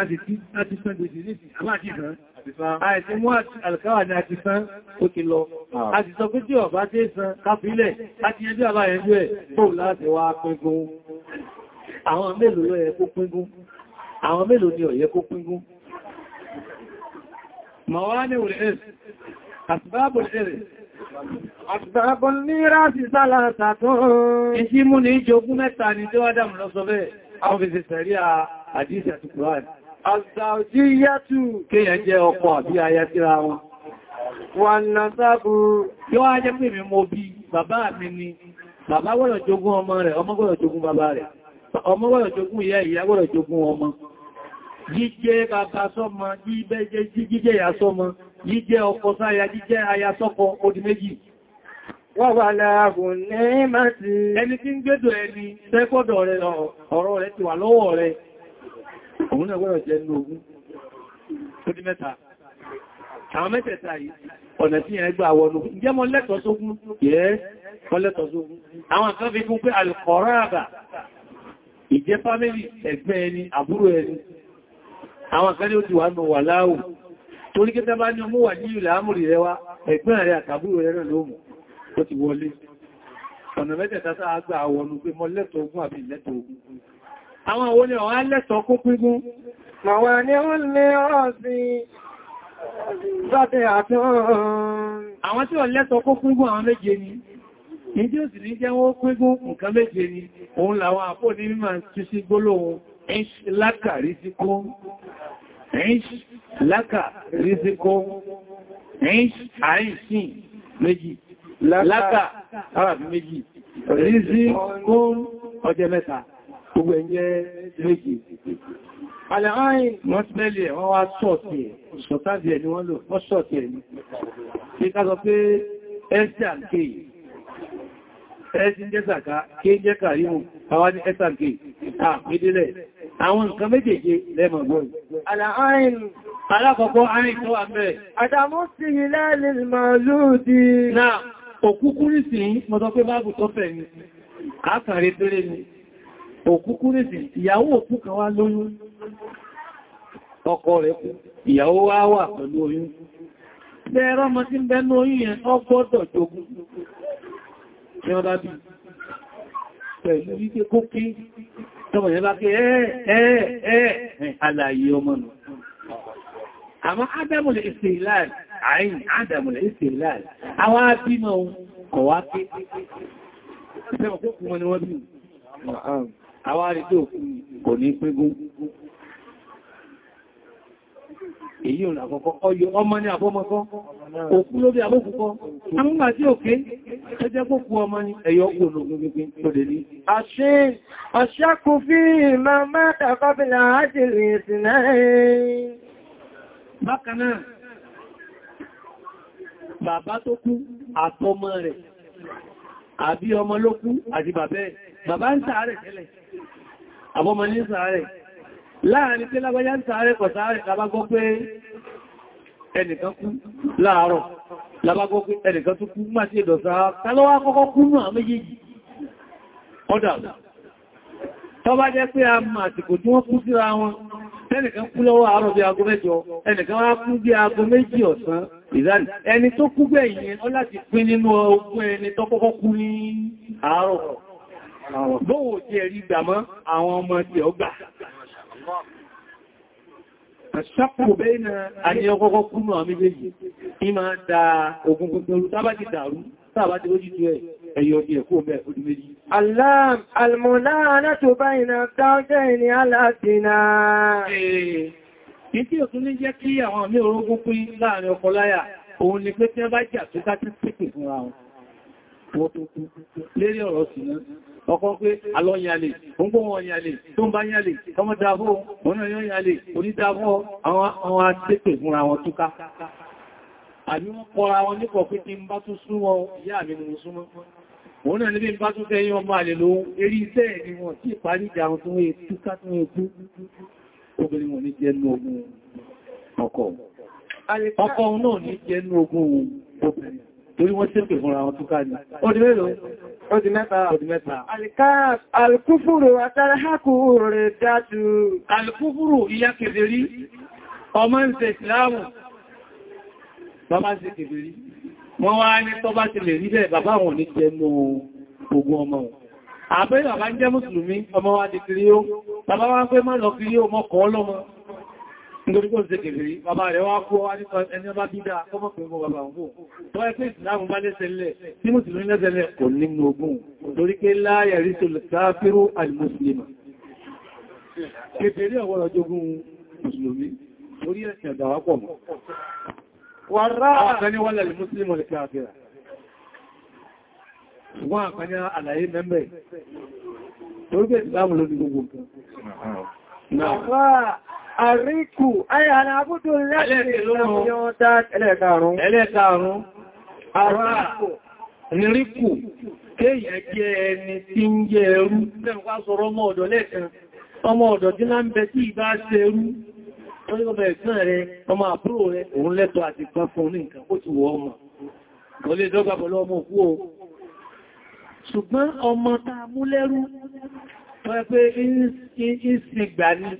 àti san gbèsè nìsì àmáàdì ìfẹ́ àìsí mú àlùkáwà ní àti san ó ti lọ a ti sọ pé tí ọ̀bá tí san kápílẹ̀ láti ẹjọ́ àbá ẹjọ́ ẹ̀ tó láti wá pínkún àwọn mélòó ló yẹ kó pínkún àwọn mélòó ni ó yẹ kó pínkún mawani ul-irs asbabul-irs Àṣìbàbọ̀ ní ráṣì sálà sàtún. Iṣí mú ní jogún mẹ́ta ni tí wá dámù lọ sọ bẹ́ẹ̀, àwọn fèsì sẹ̀rí àdíṣẹ́ àti Kùránì. Àṣàòjí yàtù kéyàn jẹ́ ọkọ àbí aya síra wọn. Wọ́n na sáàbù yóò ni, bàbá gbọ́dọ̀ jogún ọmọ rẹ̀, ọmọ gbọ́dọ̀ jogún bàbá rẹ̀, ọmọ gbọ́dọ̀ jogún ìyá ìyá gbọ́dọ̀ jogún ọmọ jíjẹ́ ọkọ sáyà jíjẹ́ ayasọ́kọ odi méjì wọ́n wà láàrùn ní mẹ́sí ẹni tí ń gbẹ́dọ̀ ẹni tẹ́kọ́dọ̀ rẹ̀ ọ̀rọ̀ rẹ̀ ti wà lọ́wọ́ rẹ̀ òun náà gbọ́dọ̀ jẹ́ ní ogún àwọn kan fi ó ti wà nù wà láàrùn torí kí tẹ́bá ní ọmọ wà ní ìlà àmúrì rẹ wá ẹ̀gbọ́n rẹ àtàbúrò rẹ náà lóòmù tó ti wọlé ọ̀nà mẹ́tẹ̀ta sáà gbà àwọnù pé mọ́ lẹ́tọ̀ ogun àbí lẹ́tọ̀ ogun àwọn àwọn ni ọ̀wá lẹ́tọ̀ kó pínpín màwà ní ó lé ọ̀sìn bábẹ̀ àti àwọn tí ìdí òsì ní jẹ́ wọ́n pínpín nǹkan méje ni òun làwọn àpò ní mímọ̀ tún sí gbólóhùn lákàrí sí kún ẹ̀ṣì láka rísíkó ẹ̀ṣì àìsìn méjì láka arábí méjì rísíkó ọjẹ́ mẹ́ta gbogbo ẹ̀jẹ́ méjì Àlàáyìn wọ́n ti mẹ́lẹ̀ wọ́n wá sọ́ọ̀tì ẹ̀, sọ̀tàbí ẹ̀ ni wọ́n lò, wọ́n sọ́ọ̀tì ẹ̀ ẹ̀ẹ́sì jẹ́ sàká kí jẹ́ kàrímù àwọn ní srk àpídílẹ̀ àwọn nǹkan méjèèjì lẹ́mọ̀gbọ́n alákọ̀ọ́kọ́ àárín tó àmẹ́ àdàmú sí ilẹ̀ lèmọ̀lúdí náà òkúkúrísì mọ́tọ́ pé báàbù ni tí wọ́n bá bí pẹ̀lú wípé kó kí tọmọ yẹn bá kí ẹ́ẹ̀ẹ́ẹ̀ẹ́ alàyé ọmọ nù àmọ́ ádámùlẹ̀ ìsìnláì àyìn ádámùlẹ̀ ìsìnláì àwọn abímọ̀ kọ̀ wá pé Àwọn àrídò kò ní pégún èyí ọ̀nà àkọ́kọ́ ọyọ ọmọ ní àbọ́mọ́kọ́ òkú ló bí àbókùkọ́ amúgbà tí òkè ẹjẹ́ kókù ọmọ ní ẹ̀yọ́ òkúrò gbogbo tó lè ní aṣákòfí mamá tàbábìlà ájì lè sínà láàrin tí lágbàjá ń sáré kọ̀ sáré lábágọ́ pé ẹnìkan kú láàárọ̀ lábágọ́ pé ẹnìkan tó kú máa sí ìdọ̀sá tálọ́wà kọ́kọ́ kú náà méjèèjì ọ̀dà tó bá jẹ́ pé a máa tìkò tí wọ́n kú síra wọn ẹnìkan kú lọ́wọ́ àárọ̀ bí aago mẹ́jọ ẹnìkan wá kú bí aago méjì ọ̀sán ìdáni ẹni tó kú gbẹ̀yìn ọ láti pín nínú ogún ẹni tó kọ́kọ́ kú ní àárọ̀ bóòwò tí ẹ̀rí gbàmọ́ àwọn ọmọ tí ọgbà Àṣàpò bẹ́ẹ̀nà àníyàn kọ́kọ́ kúnnà àmì méjì, ní máa da ogun gbogbo tábà ti dàrú, tábà ti lójú tó ẹ̀ ẹ̀yọ ní ẹ̀kú ọmọ ẹ̀kú ní méjì. Alam, almọ̀lá alátò báyìí na dáọ́jẹ́ ni aláàdínà. Èé, tí ò tún ní jẹ́ kí àwọn mí orógún pín láàrin ọkọ láyà, òun ni pé tí wọ́n bá ọkọ̀ pé alọ́yàlè òǹgbọ́n ọ̀yàlè tó ń bá yàlè ọmọ dáàbò ọ̀nà yàlè onídàbò àwọn àtẹ́kẹ̀ fúnra wọn túká àbí wọ́n kọra wọn nípọ̀ pé tí ń bá tún súnmọ́ ìyá mi mú súnmọ́ òun náà níbi bá tún fẹ́ yí ọmọ àlè ló eré iṣẹ́ ìrìn wọn tí ìparí ìjà wọn tún wé túká tún wé tú obìnrin wọn ní jẹ́nu ogun ọkọ ọkọ náà ní jẹ́nu ogun obìnrin torí wọ́n ṣépè fúnra wọn tó ká ní. Ó di mélòó? Ó di mẹ́ta. Ó di mẹ́ta. Alkúfúrò àtàrákù rẹ̀ dátù. Alkúfúrò ìyá kèfèrí, ọmọ ń ṣe ìsìláàmù. Bàbá ṣe kèfèrí. Wọ́n wá ní tọ́ bá ti lè rí bẹ́ẹ̀ bàbá wọn ní jẹ mú ogun ọmọ wọn. Àbẹ́ bàbá ń jẹ́ Mùsùlùmí, ọmọ wa di kiri ó. Bàbá wá pé má lọ kiri ó mọ́kọ̀ ọlọ́mọ nítorí kó ṣe kèfèrí bàbá rẹ̀ wá kó wá nípa ẹni ọba bídá kọ́mọ̀ pẹ̀lú bàbá òun tó ẹgbẹ́ ìsìláàmù bá lẹ́sẹ̀lẹ̀ tí mùsùlùmí lẹ́sẹ̀lẹ̀ kò nínú ogun torí pé láyẹ̀ rí tó lè káfíró alìmùsùlùmí kèfèrí ọ̀wọ́rọ̀ jogun mùsùlùmí torí ẹ̀sìn ọ̀dà wápọ̀ mọ́ wọ́n àpẹni àlàyé mẹ́mẹ́ torí pé ìsìláàmù ló ní gbogbo nǹkan àríkù ayà alábúdó ẹlẹ́ẹ̀kàrún àríkù níríkù kéèyàn jẹ́ ẹni tí ń jẹ ẹrú lẹ́nkwá sọ̀rọ̀ ọmọ ọ̀dọ̀ lẹ́ẹ̀kan ọmọ ọ̀dọ̀ tí lá ń bẹ tí ìbá ṣe ẹrú orígbọ́bẹ̀ ìtàn rẹ ọmọ àbúrò rẹ òun lẹ́tọ̀ àti kan fún ní nǹkan ó ti wọ ọmọ kò lè dọ́gba pẹ̀lú ọmọ òkú o ṣùgbọ́n ọmọ ta mú lẹ́rú wọ́n pé ìsìgbà ni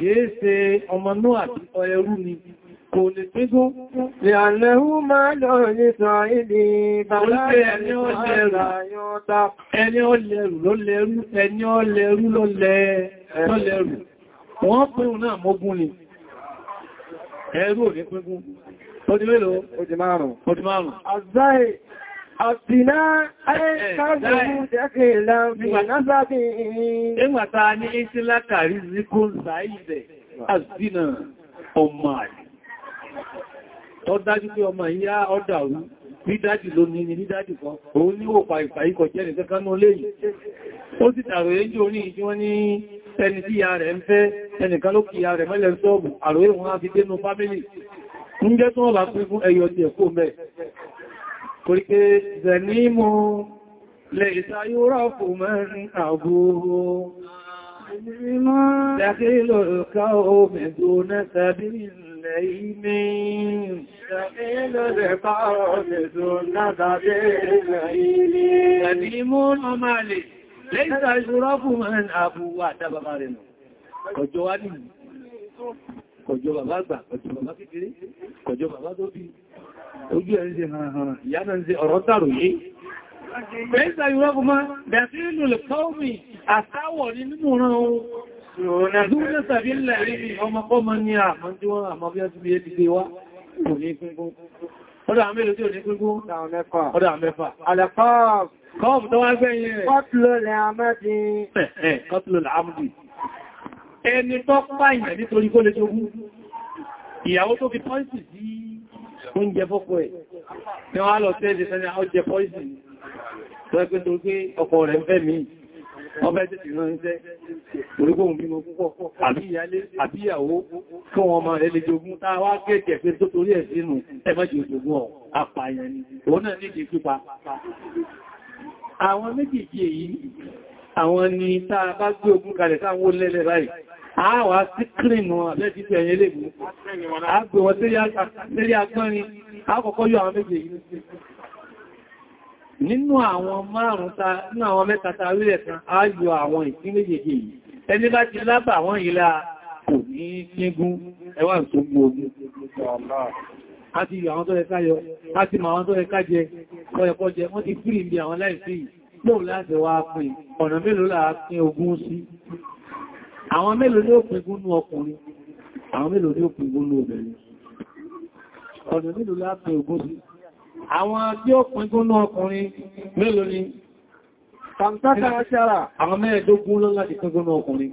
kìí ṣe ọmọ náà àti ẹrú ni kò lè tígó lè àlẹ́hú máa lọ ní sọ ìdí bàbá ẹni ó lẹ́rù ló lẹ́rù ẹni ó lẹ́rù ló lẹ́rù wọ́n pínrún náà mọ́gún ni ẹrú ò ní pínkún ó di mélòó ó di márùn-ún Àbìná ẹ́kàrùn-ún eh, eh, tẹ́kẹ̀ láàrin náàbí ìrìn. Ẹgbàta ní ìsìnlákà rí zikún sáìdẹ̀, àbìná ọmọ àrí. Tọ́ dájú pé ọmọ ìyá ọdà rú, ní dájú ló ní ní dájú kan, òun níwò pa ìfàíkọ̀ jẹ́ nìkankanú léyìn. Ó sì tààrò ẹjọ́ orí ìjí wọ́n ní ẹni tí ya rẹ̀ ń fẹ́, ẹnìkan ló kìí ya rẹ̀ mẹ́lẹ̀ sọ́ọ̀bù, àròyé wọn á fi dénú fámílì. Ń jẹ́ tó wọ́n bá pín fún ẹyọ ti ẹ̀kọ́ mẹ́ kòrí zanimu lè ìta yúrọ́pù mẹ́rin àbúrú Dàkílò ìkà omi dúnà tàbí ilẹ̀ ìmí. Dàkílò ìkà omi dúnà tàbí ilẹ̀ ìmí. Ẹ̀dìmú ọmọ lè, lẹ́yìn ìṣúrọ́ mẹ́rin àbúwà àtàbàbà rẹ̀ nù. Kọjọ wá nìí, ojú ẹ̀ ń ṣe hàn ìyá náà ń ṣe ọ̀rọ̀ tààrù yìí mẹ́ta ìrọ́gùn máa bẹ̀ẹ̀fẹ́ ìlú lè àtàwọ̀ ní nínú ẹni tó pààyàn nítorí kó lè ṣogún ìyàwó tó fi pọ́ìsì sí oúnjẹ fọ́pọ̀ ẹ̀ tí wọ́n á lọ tẹ́ẹ̀dì sẹ́ni ọjẹ́ pọ́ìsì tó ẹgbẹ́ tó gbé ọkọ̀ rẹ̀ ń fẹ́ mi ọbẹ̀ tẹ́tì ránṣẹ́ orígbóhun bímọ púpọ̀ àbí ìyàwó kí wọn ọmọ rẹ̀ lè jogún táa tó torí ẹ̀ sínú ẹmọ́jì òjògún ọ̀ apààyàn àwà síkìrìnù àbẹ́jì tí ẹ̀yẹ lè mú àgbè wọn lérí agbọ́nrin àkọ́kọ́ yóò àwọn méje nínú àwọn márùn-ún àwọn mẹ́ta ta ẹ̀kan á yọ àwọn ìpín méjèèjì yìí ẹni bá ti lábà àwọn ìlà kò ní kígún ẹwà tó gbò ogun àti ìyọ̀ àwọn tó ẹ̀ká yọ àti màwọn tó ẹ̀ká jẹ ọ̀ẹ̀kọ́ jẹ wọ́n ti fírì bí àwọn láìsí yìí lóòrùn àwọn mélòó ní òpin gúnnú ọkùnrin àwọn mélòó ní òpin gúnnú obìnrin ọ̀dọ̀ mélòó láti ogún sí àwọn tí ó pin ọkùnrin mélòó ni tàbátà ṣára àwọn mẹ́ẹ̀ẹ́dógún lọ́lá ti pin gúnnú ọkùnrin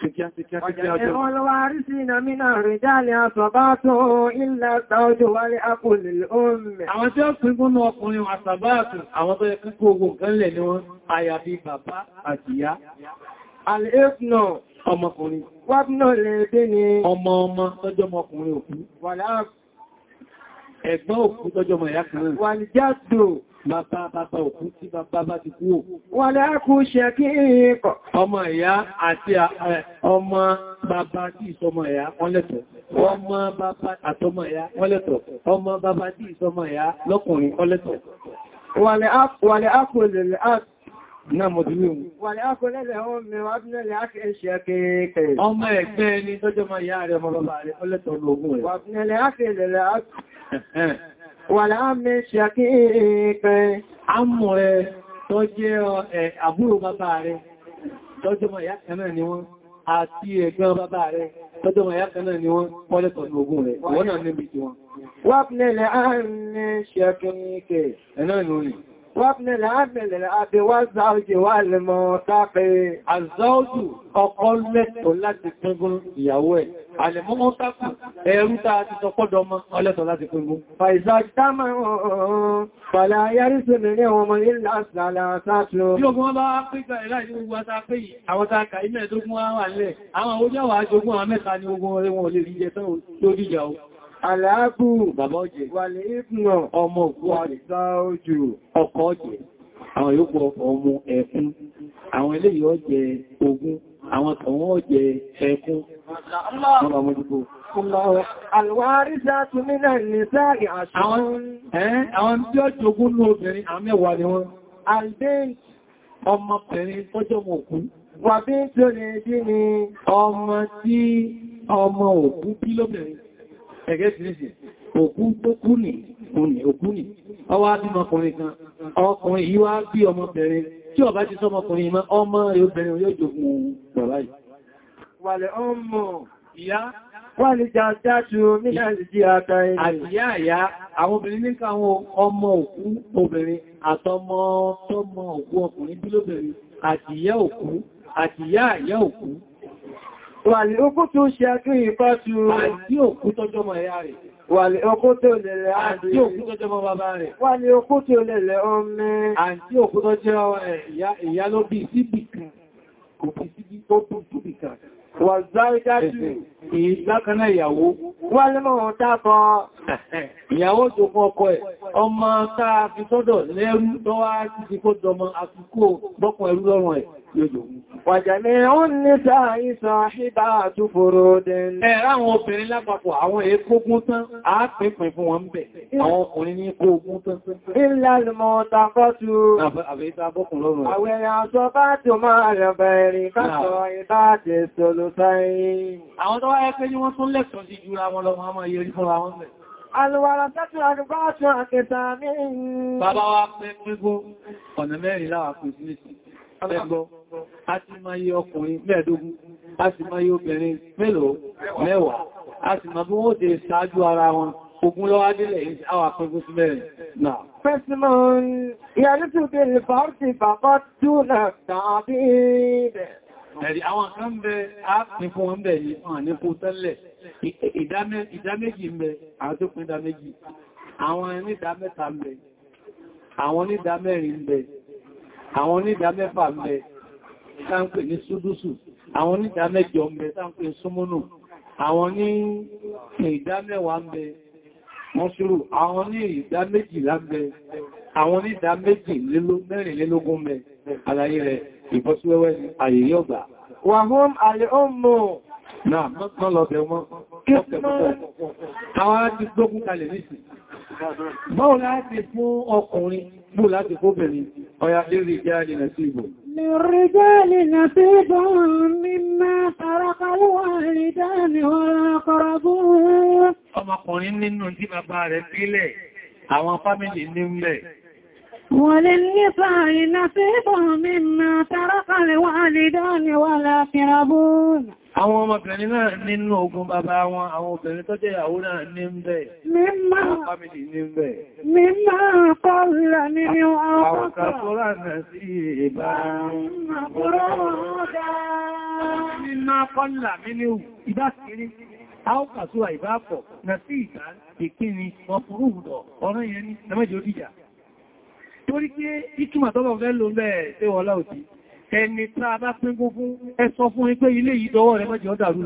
Ẹ̀wọ́n lọ́wọ́ rí sí iná mínà rìn jáàlì àṣàbátò ilẹ̀ àtàójò wálé àpòlè omi. Àwọn tí ó pín gúnnú ọkùnrin àṣàbátò àwọn tó yẹ kíkó ogun kan ni wọ́n àyàbí bàbá àti ìyá. Àlè ọmọkùnrin wábínà lẹ́ẹ̀dẹ́ ni ọmọ ọmọ tọ́jọ́ ọmọkùnrin òkú ẹ̀gbọ́n òkú tọ́jọ́ ọmọ ìyá kan wà ní jádò bàbá bàbá òkú tí bàbá bá ti kú ò wà láàkú ṣe kí ìyíkọ̀ ọmọ ìyá àti ọmọ bàbá tí ìsọmọ ìyá wọ́n lẹ́tọ̀ ọmọ náà mọ̀ dúró mú. Wà ní ákùnlẹ́lẹ̀ ọmọ mẹ́wàá ábúnẹ́lẹ̀ ákẹ́ ṣe kẹ́kẹ́. Ọmọ ẹgbẹ́ ni tọ́jọ́ máa yá rẹ̀ ọmọ bàbá rẹ̀ ọlẹ́tọ̀ ológun rẹ̀. Wà ábúnẹ́lẹ̀ ákẹ́ lẹ̀lẹ̀ ákẹ́. Wà láàmẹ́ ṣe kẹ́kẹ́. Àmọ̀ ẹ àbúrò bàbá rẹ̀ tọ́jọ́ máa yá ni wọ́n àti ẹ̀gbọ́n bàbá rẹ̀ tọ́jọ́ ma yàtọ̀ náà ni wọ́n pọ́lẹ̀tọ̀ ní ogún rẹ̀ wọ́n náà níbi tí wọ́n. wáp وابن العم للأب والزوج والمعتق الزوج أقلت láti píngun ìyàwó ẹ̀. Àlẹ̀mọ́ mọ́ tápù ẹ̀rú táa ti sọ pọ́dọ̀ ọmọ ọlẹ́tọ̀ láti píngun. Fàìsà dámà ọ̀rọ̀ fàlà yárí sí mẹ́rin ọmọ ilẹ̀ àṣàlà sáàtùlọ. Bí ogun wọ́n bá pẹ́gbà ìlàjí gbogbo àtàpẹ́ yìí, àwọn tààkà ilẹ̀ tó gún àwọn àlẹ́, àwọn ojú àwọn àjogún àwọn mẹ́ta ni ogun ọlẹ́wọ̀n Àlàábù wàlẹ̀ ìpùnà ọmọ òkú àrísá ojú ọkọ̀ ọjẹ́, àwọn yóò pọ̀ ọmọ ẹkún, àwọn eléyìí ọjẹ́ ogún, àwọn tọ̀wọ́n ọjẹ́ ẹkún. Àlwárísátù mínà nìsáàrì àṣọ́. Àwọn tí ó jogún ní obìnrin àmẹ́wàá ni wọ́n. Àlbẹ́ ọmọkùnrin tọ́jọ́ mọ̀ òkú. Wà bí tí ọmọ ẹ̀gẹ́ tìrìsì òkú tó kú nì òkú nì ọwá bí ọmọkùnrin kan ọkùnrin yìí wá bí ọmọbìnrin tí ó bá ti sọmọkùnrin mọ́ ọmọ rẹ̀ obìnrin yóò jogún bàbá yìí wàlẹ̀ ọmọ ìyá wà lè jàjájú nílẹ̀ ìdí àtàrí àdíyà àyá àwọn obìnrin ní káwọn ọmọ òkú obìnrin àtọmọ tọmọ òkú ọkùnrin bí lóbìnrin àdíyà òkú àdíyà àyá òkú Wàlókó tó ṣe àtún ìpáṣù àti òkú tọ́jọ́mọ̀ ẹ̀yà rẹ̀. Wàlókó tó lẹ̀lẹ̀ àti òkú tọ́jọ́mọ̀ bàbá rẹ̀. Wàlókó tó lẹ̀lẹ̀ ọmọ àti òkú tọ́jọ́ ìyá ló bí síbì kan, kò bí síbì tó bí síbì kan wà zárídájú ìlákaná ìyàwó wà lẹ́mọ̀ràn dábọ̀ ìyàwó tó fún ọkọ ẹ̀ ọmọ táa fi sọ́dọ̀ lẹ́rú tó wá ti ti kó dọmọ àkókò bọ́kùn ẹrú lọ́rùn ẹ̀ yóò Wàjàmí ó ní sáà ìsọ àṣíbà àtúfòrò dẹn. Ẹ̀rá àwọn obìnrin lápapọ̀ àwọn èékógún tán, a pínpín fún wọn bẹ̀. Àwọn ọkùnrin ní kógún tán. Ìlà lùmọ̀ takọ́tù. Àbẹ̀ ìta Àwọn tó wáyé pé ní wọ́n tún lẹ́tọ̀ọ́ sí jùra wọn lọ, wọ́n máa yẹ orí fún àwọn mẹ́. Alùwàrà tàbí àrùbáàtù àkẹta ní ìrìn. Bàbá wa pẹ́ pẹ́gbó, ọ̀nà mẹ́rin láwà kò sí nìsìn. Pẹ́gbó, a ti máa yí ọkùnrin mẹ́ẹ̀dógún, a sì máa yí obìnrin mélòó mẹ́wàá, a sì máa bí wọ́n dé ṣáájú ara wọn ogun lọ́wọ́ adílẹ̀ àwọn àpẹgbùn sí mẹ́rin náà. Fẹ́sìmọ̀ ìyàrí tó bèèrè fàártì bàbá tó náà tàbí ìbẹ̀ ẹ̀rí àwọn kan bẹ ápínkún wọn bẹ̀ yìí wọn ní kó tẹ́lẹ̀ ìdáméjì ń bẹ àwọn tó pín ìdáméjì àwọn onídámẹ́ta ń bẹ àwọn onídámẹ́rin ń bẹ àwọn onídámẹ́fà ń bẹ sáńpẹ̀ ní súdúsù àwọn onídámẹ́jọ ń bẹ sáńpẹ̀ súnmúnù àwọn ní ìdámẹ́wàá ń bẹ wọ́n ṣúrù àwọn ní ìdáméjìlá ń bẹ àwọn onídámẹ́jì mẹ́rìnlélógún ń bẹ àlàyé rẹ̀ ìbọ́síwẹ́wẹ́ àyè yóò gbà. Wà hún àyè ó mú. Náà, mọ́ lọ bẹ̀ wọ́n. Àwọn ti gbógun kalẹ̀ nìsì. Báwo láti fún ọkùnrin, bú láti fóbìnrin, ọya lérí jáàlì nà sí ìbò. Lérí jáàlì nà sí ìbò mímá tàràkàlùwà ìdáni ọ̀rọ̀ akọ̀rọ̀bú. Ọmọkùnrin nínú tí bàbá rẹ̀ sílẹ̀, àwọn fámìlì ní mẹ́. وللنساء نصيب مما ترك الوالدان والأقربون Àwọn ọmọbìnrin náà nínú ogún bàbá wọn, àwọn obìnrin tó jẹ́ ìyàwó náà ní ń bẹ̀. Mímọ̀ fámìlì ní ń bẹ̀. Mímọ̀ kọ́lá nínú àwọn ọkọ̀ torí pé ìtumà tọ́lọ̀ fẹ́ ló mẹ́ẹ̀ tí láòtí ẹni tí bá pín fún ẹ fún ipé ilé yìí dọwọ́ rẹ mẹ́jọ dàrú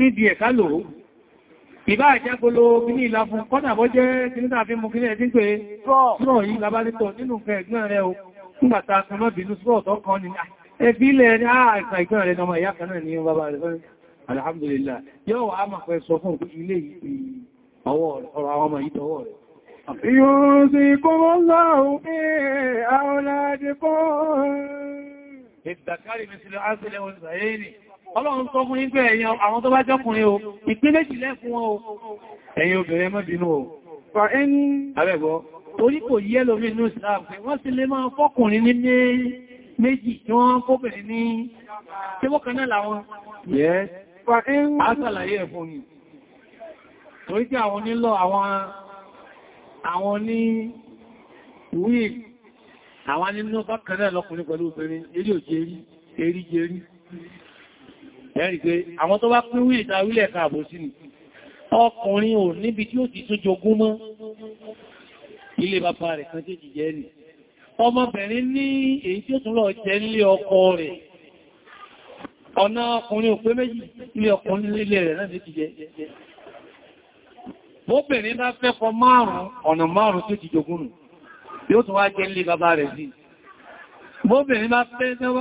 lẹ́wù ìbá ìjẹ́gbolo kíní ìlà fún jẹ́ kíníta fi mú kíní ẹ̀dín pé rọ̀ yìí labálẹ́tọ̀ nínú nǹkan ẹ̀gbọ́n rẹ̀ o nígbàtà kan mọ́bìnú sọ́ọ̀tọ́ kan ni ẹbílẹ̀ ní àìsàn ah, ìgbẹ̀rẹ̀ rẹ̀ ọmọ ìyá kan náà ní bàbá rẹ̀ fẹ́ alhamdulillah yóò wà á máa fẹ́ sọ fún ilé ìpín méjìlẹ́ fún kò yẹ́ lómi inú ìsìláàmù, wọ́n sì lè máa fọ́kùnrin ní méjì tí wọ́n kóbìnrin ní tí wọ́n kan ẹ̀fún ni torí tí àwọn nílọ àwọn ní wíì àwọn nínú bákan lọ́kùnrin pẹ̀lú obìnrin eré òjèrí eré jẹrí ẹ̀rì pé àwọn tó bá pín wíì ìta wílẹ̀ káàbò sí ni ọkùnrin ò níbi tí ó ti tún jogún mọ́ ilé bàbá rẹ̀ kan jẹ́ jìjẹ́ nìí ọmọbìnrin ní èyí tí ó tún lọ jẹ nílé ọkọ rẹ̀ ọ̀nà ọkùnrin òpé méjì nílé ọkùnrin nílé rẹ̀ náà ti jẹ bóbìnrin bá fẹ́kọ márùn-ún ọ̀nà márùn-ún tó ti jogún nù yóò tún wá jẹ nílé bàbá rẹ̀ sí bóbìnrin bá fẹ́ àwọn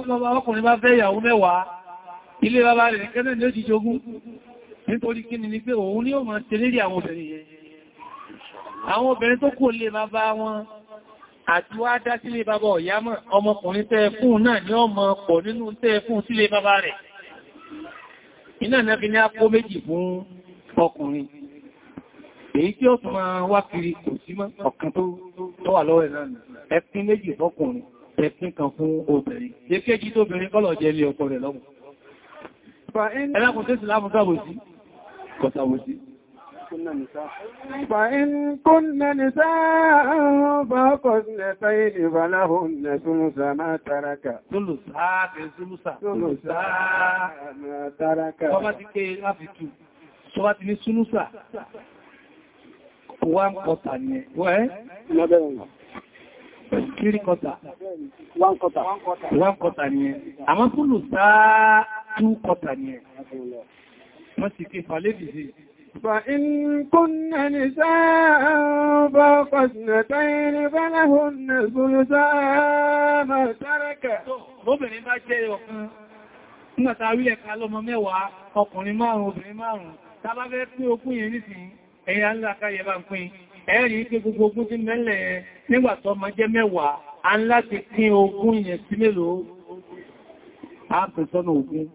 obìnrin tó kò lè bàbá wọn àti wá dá sílé bàbá ọ̀yámọ̀ ọmọkùnrin tẹ́ fún náà ní ọmọ pọ̀ nínú tẹ́ fún sílé bàbá rẹ̀ iná náà fi ní àpò méjì fún ọkùnrin èyí tí ó tún máa wá kiri kò sí mọ́ ọ̀kan tó wà lọ́wọ́ náà ẹ̀pín méjì fọ́kùnrin ẹ̀pín kan fún obìnrin jẹ́ kéjì tóbìnrin kọ́lọ̀ jẹ́ ilé ọkọ rẹ̀ lọ́mù ẹlákùn tó sì láàmù sábòsí kọ̀sàbòsí فإن كن نساء فأقصن فين فلهن ثلث ما ترك ثلثا ثلثا ما ترك Sọ́wá ti ní Súnúsà, one quarter ni ẹ̀, wẹ́? Lọ́bẹ̀ ọ̀nà. Three quarter. One quarter. One quarter ni ẹ̀. Àmọ́ two quarter ni ẹ̀. Wọ́n ti ké fà فإن كن نساء فوق اثنتين فلهن ثلثا ما ترك obìnrin bá jẹ́ ọ̀kan nígbàtà rí ẹ̀ka lọ́mọ mẹ́wàá ọkùnrin márùn-ún obìnrin márùn-ún tàbá fẹ́ pín ogún yẹn nísìn ẹ̀yà ńlá káyẹ bá ń pín ẹ̀rí pé gbogbo ogún tí mẹ́lẹ̀ nígbàtà ọmọ jẹ́ mẹ́wàá a ń láti pín ogún yẹn sí mélòó a pè sọ́nà ogún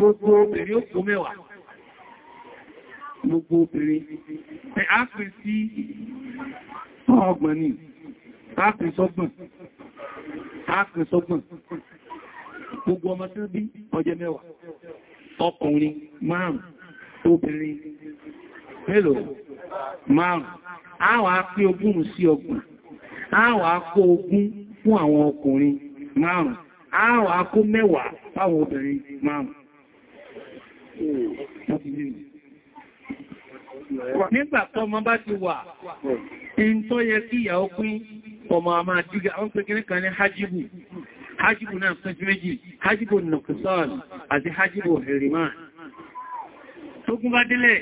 gbogbo obìnrin ó kó mẹ́wàá gbogbo obìnrin ẹ̀ á pè sí ọgbọ̀n ni á pè sọ́gbọ̀n á pè sọ́gbọ̀n gbogbo ọmọ tí ó bí ọjẹ́ mẹ́wàá ọkùnrin márùn-ún obìnrin mélòó márùn-ún á wá pé ogún sí ọgbọ̀n á wá kó ogún fún àwọn ọkùnrin márùn-ún á kó mẹ́wàá fáwọn obìnrin márùn Nígbà tó ọmọ bá ti wà, in tó yẹ ìyàwó pín ọmọ àmà àjúgà, wọ́n pè kìnnìkan ní hajjibu. Hajjibu náà pín sí méjì, hajjibu àti hajjibu hìrìmá. Tógún bá délẹ̀,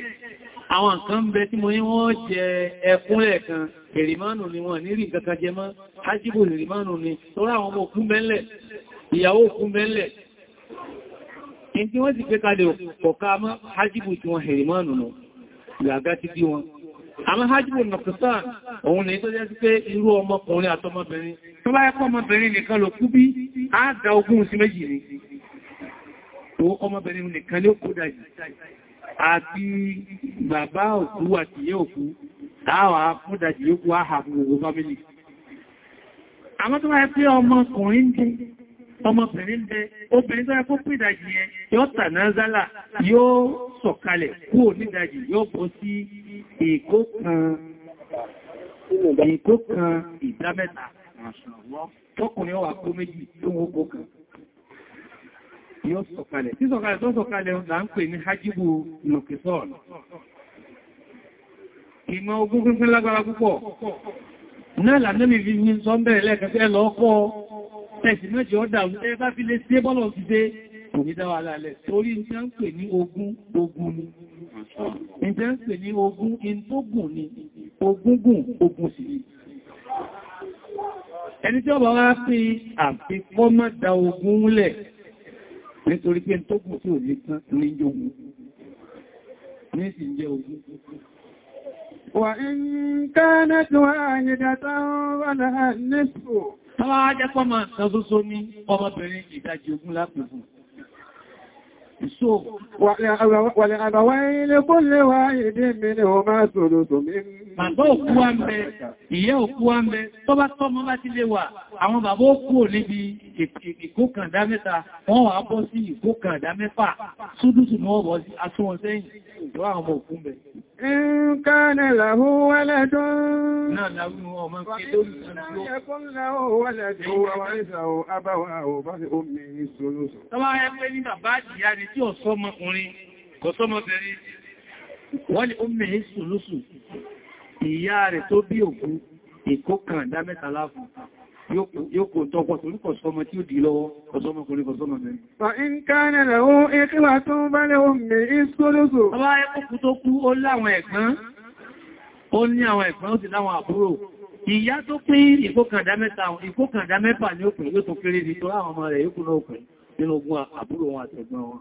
àwọn nǹkan bẹ tí mo ní wọ́n jẹ ẹkúnlẹ̀ kan ni wọ́n ní rí in tí wọ́n sì fẹ́ kalẹ̀ ọ̀ká mọ́ hajjibu tí wọ́n hẹ̀rì mọ́nù nù gàgá ti bí wọn àmọ́ hajjibu nọ̀kùsán òun ní tó jẹ́ sí pé irú ọmọkùnrin àtọmọbìnrin tó bá yẹ́pọ̀ ọmọbìnrin nìkan ló kú bí á da ogún sí méjì ni tó ọmọbìnrin nìkan ló kó dájì àti ọmọbìnrin bẹ obìnrin tó yẹ kó pín ìdajì yẹn yóò tànázálà yóò sọ̀kalẹ̀ kúrò nídajì yóò bọ́ sí èkó kan ìdámẹ́ta tọkùnrin ọwà kó méjì tó wó kó kan yóò sọ̀kalẹ̀ tí sọ̀kalẹ̀ tó sọ̀kalẹ̀ là ń pè ní hajjibu nùkìsọ́ọ̀lù Tẹ̀sì méjì ó dà ní ẹgbá fi lè sí bọ́lọ̀ ti dé kò ní dáwà alálẹ̀. Torí ní jẹ́ ń pè ní ogún ogun ni. Ní jẹ́ ń pè ní ogún in tó gùn ni, ogún gùn ogun sì ni. Ẹni tí ó bá wá pín àfikọ́ má da ogún lẹ̀ nítorí pé tó gùn tí ò ní tán ní jogun. Ní sì jẹ́ ogún. Wà ń ká náà tí wọ́n àyẹ̀dà táwọn wà láàá Tọ́wọ́ ajẹ́pọ̀ máa sọ sóso ní ọmọbìnrin ìdajì ogun lápẹ̀ fún wàlẹ̀ àbàwà ilé kó lẹ́wà èdè mẹ́rin wọ́n máa àwọn bàbá òkú ò níbi ìkókàndá mẹ́ta, wọ́n wà bọ́ sí ìkókàndá mẹ́fà, súdúsù ni wọ́n sí aṣọ́wọn sẹ́yìn, ìwà àwọn ọmọ òkú ń Nǹkan ni tí ọ̀sọ́mọkùnrin kò sọ́mọbìnrin wọ́n ni ó mẹ́rin sùlúsù ìyá rẹ̀ tó bí òkú ìkó kan dá mẹ́ta láàfún yóò kò tọ́pọ̀ torí kò sọ́mọ tí ó dì lọ́wọ́ kò sọ́mọkùnrin kò sọ́mọbìnrin. Fa in kana lahu ikhwatun falahu sulusu. Ọlá ẹkùnkù tó kú ó láwọn ẹ̀gbọ́n, ó ní àwọn ẹ̀gbọ́n ó sì láwọn àbúrò ìyá tó pín ìkókàndá mẹ́ta ìkókàndá mẹ́fà ní òpin yóò tó kéré ní tó láwọn ọmọ rẹ̀ yóò kú òpin nínú ogun àbúrò wọn àtẹ̀gbọ́n wọn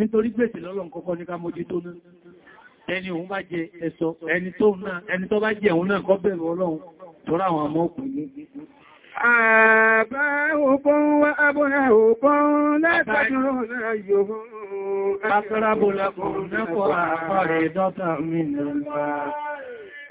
nítorí gbèsè lọ́lọ́n kọ́kọ́ ní ká mójú tó náà ẹni òun bá jẹ ẹ̀sọ ẹni tó bá jẹ òun náà kọ́ bẹ̀rù ọlọ́run tọ́rọ àwọn ọmọ ọkùnrin Àbáhùkún wá abúnáhùkún látàdúrún náà yóò fún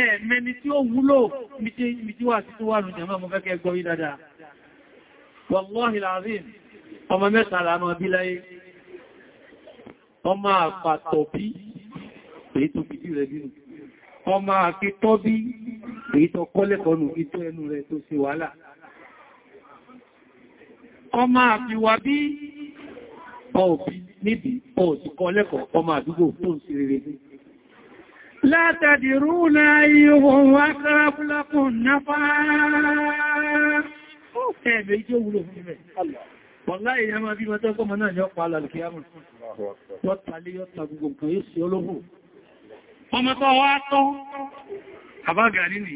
ẹ̀mẹni tí ó wúlò mítí wà sí tó wà nùjẹ̀ mọ́ fẹ́kẹ́ gbọ́ yí dáadáa wallahi alazim ọmọ mẹ́ta lánà bí láyé ọmọ àpàtọ̀ bí èyí tó fi rẹ̀ bínú ọmọ àkítọ́ bí èyí tó kọ́lẹ̀kọ́nù ìtọ́ ẹnu rẹ̀ tó ṣe wàhálà ọmọ àfiwà bí ọ̀bí níbi ọ̀tí kọ́lẹ̀kọ́ ọmọ àdúgbò tó ń ṣe rere bí látàdìrú na ihun akẹ́rẹ́bù lákùn náfà ẹ̀bẹ̀ ìjọ wúlò fún ibẹ̀. Wọ̀lá èèyàn máa bí mọ́tọ́ kọmọ náà yọ pa alàlùkí àmùn. Yọ́ tàlé yọ́ ta gbogbo nǹkan yóò sí olóhùn. Ọmọ tó wá tọ́, àbágà nínú.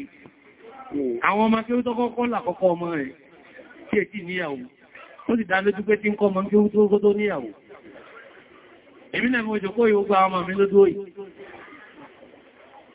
Àwọn ọmọ kí ó tọ́kọ́ kọ́ làkọ́kọ́ ọmọ rẹ̀ tí è tí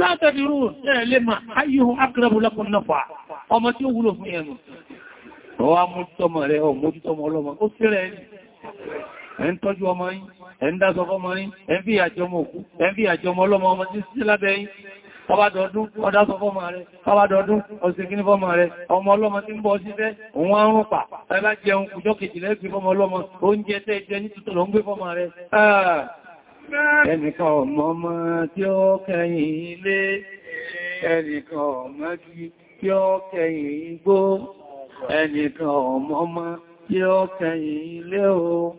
látàrí rú ẹ̀lẹ́ ma ayyuhu aqrabu lakum nafa ọmọ tí ó wúlò fún ẹnu ọwá mójútọmọ rẹ̀ ọ mójútọmọ ọlọ́mọ ó fẹ́rẹ̀ ẹni ẹ̀ ń tọ́jú ọmọ yín ẹ̀ ń dáṣọ fọ́mọ yín ẹ̀ ń fi àjọmọ òkú ẹ̀ ń fi àjọmọ ọlọ́mọ ọmọ tí sí lábẹ́ yín ọbádọ̀ọdún ọdásọ fọ́mọ rẹ̀ ọbádọ̀ọdún ọ̀sẹ̀kíní fọ́mọ rẹ̀ ọmọ ọlọ́mọ tí ń bọ́ síṣẹ́ òun àrùn pa ẹbá jẹun kùjọ́ kejìlẹ́gbẹ̀ fọ́mọ ọlọ́mọ oúnjẹ tẹ́ jẹ ní tútọ̀ lọ ń gbé fọ́mọ rẹ̀ ah ẹnìkan ọmọ ọmọ tí ó kẹyìn ilé ẹnìkan ọmọ tí ó kẹyìn igbó ẹnìkan ọmọ ọmọ tí ó kẹyìn ilé o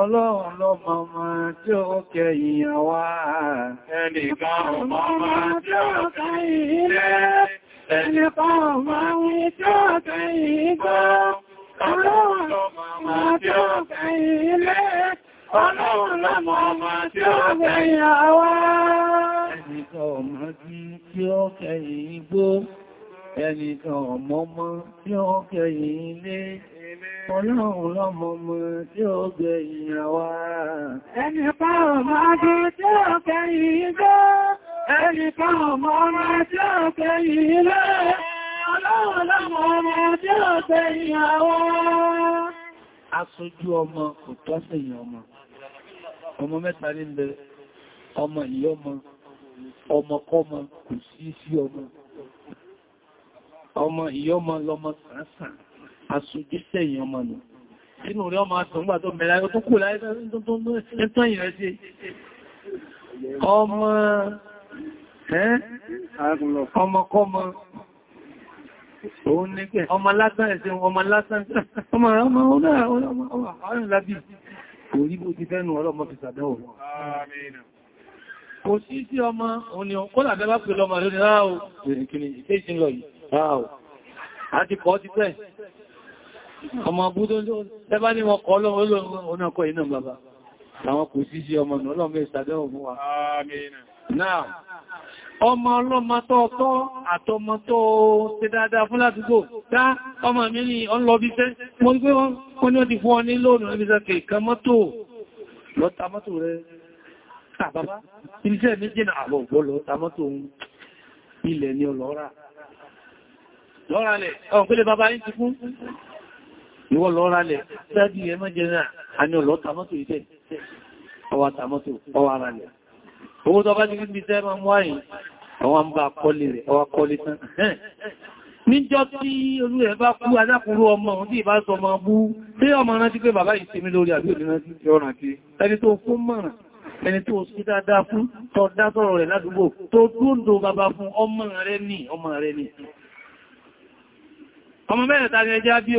Ọlọ́run ló mọ̀mọ̀ tí ó kẹyìn àwa ẹnìkan ọmọ ọmọ tí ó kẹyìn ilé ẹnìkan ọmọ ọmọ tí ó kẹyìn igbó Ọlọ́run ló mọ̀mọ̀ tí ó kẹyìn ilé Ọlọ́run lọ́mọ ọmọ tí ó kẹ̀yìn àwa. Ẹnìkan ọmọ tí ó kẹ̀yìn igbó, ẹnìkan ọmọ ọmọ tí ó kẹ̀yìn ilé. Ọlọ́run lọ́mọ ọmọ tí ó kẹ̀yìn àwa. Ẹnìkan ọmọ tí ó kẹ̀yìn igbó, ẹnìkan ọmọ ọmọ tí ó kẹ̀yìn ilé. Ọlọ́run lọ́mọ ọmọ tí ó kẹ̀yìn àwa. Aṣojú ọmọ kò tọ́sẹ̀yìn ọmọ mẹ́ta ní ilẹ̀ ọmọ ìyọ́mọ ọmọkọ́mọ kò sí sí ọmọ ọmọ ìyọ́mọ lọmọ sàásàn aṣòjíṣẹ́ ìyàn ọmọ nù sínú rí ọmọ asọ̀gbà tó mẹ́ra ẹgbẹ́ tó kù láyé tó ìrẹ́ sí ọmọ ọmọkọ́mọ òun ní pé ọmọ lásán ẹ̀sìn ọmọ lásán ọmọ ọmọ ọmọ ọmọ ọmọ kò rí ti fẹ́nu ọlọ́mọ fi sàdánwò kò sí sí ọmọ òní ọkọ́lá bẹ́bá pè lọ́mọ lónìí ráò ìrìnkìrì ìfẹ́sìn lọ yìí ráò àti kọ́ ti pẹ́ ọmọ abúdó lẹ́bá ní wọn kọ́ ọlọ́run ọmọ ọlọ́mọ tó ọtọ́ àtọmọ tó ṣe dáadáa fún ládùúgbò dá ọmọ mi ní ọlọ́bíṣẹ́ mo ní pé wọ́n ní ó ti fún ọ ní lóòrùn lọ́bíṣẹ́ kẹ̀kẹ́ mọ́tò lọ́ta mọ́tò rẹ̀ tàbábá irinṣẹ́ méjì náà àbọ̀gbọ́ lọ́ta mọ́tò ilẹ̀ ni ọlọ́ra lọ́ralẹ̀ ọ̀pẹ́lẹ̀ bàbá yìí ti fún ìwọ lọ́ralẹ̀ sẹ́dí ẹmọ́jẹ́ náà a ní ọlọ́ta mọ́tò ìtẹ́ ọwà tàmọ́tò ọwà ralẹ̀ owó tó bá ti rí iṣẹ́ máa mú àyìn àwọn ń bá kọlé rẹ̀ ọwá kọlé tán níjọ́ tí olú ẹ̀ bá kú adákùnrú ọmọ òun tí ìbá sọ ọmọ bú tí ọmọ rántí pé bàbá ìsinmi lórí àbí òdínájú ọ̀rántí ẹni tó fún mọ̀ràn ẹni tó sí dáadáa fún tọ́ dátọ́rọ̀ rẹ̀ ládùúgbò tó dúndò bàbá fún ọmọ rẹ̀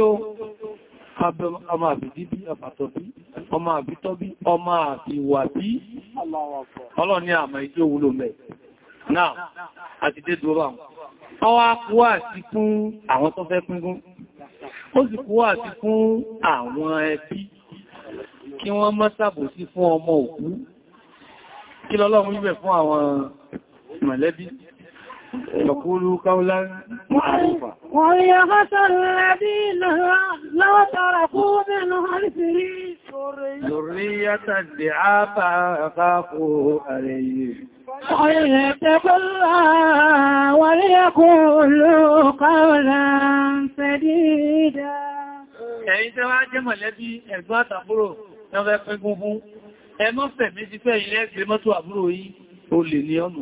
o ọmọ àbìdíbí àbàtọ̀bí ọmọ àbítọ́bí ọmọ àbíwàbí ọlọ́run ní àmà ìjó wúlò mẹ́ náà àti dé dúró àwọn ọwá kúwà sí fún àwọn tó fẹ́ pínkún ó sì kúwà sí fún àwọn ẹbí kí wọ́n má ṣàbòsí fún ọmọ òkú kí lọ́lọ́run wíbẹ̀ fún àwọn mọ̀lẹ́bí فقولوا قولا معروفا وهي غسى الذين لو تركوا من خلفه ذرية ضعافا خافوا عليهم فليتقوا الله وليقولوا قولا سديدا ẹ̀yìn tẹ́wà jẹ́ mọ̀lẹ́bí ẹ̀gbọ́n àtàbúrò náà fẹ́ pín gúngún ẹmọ́fẹ̀ méjì fẹ́ ilẹ́ ẹgbẹ̀mọ́tò àbúrò yìí ó lè ní ọ̀nà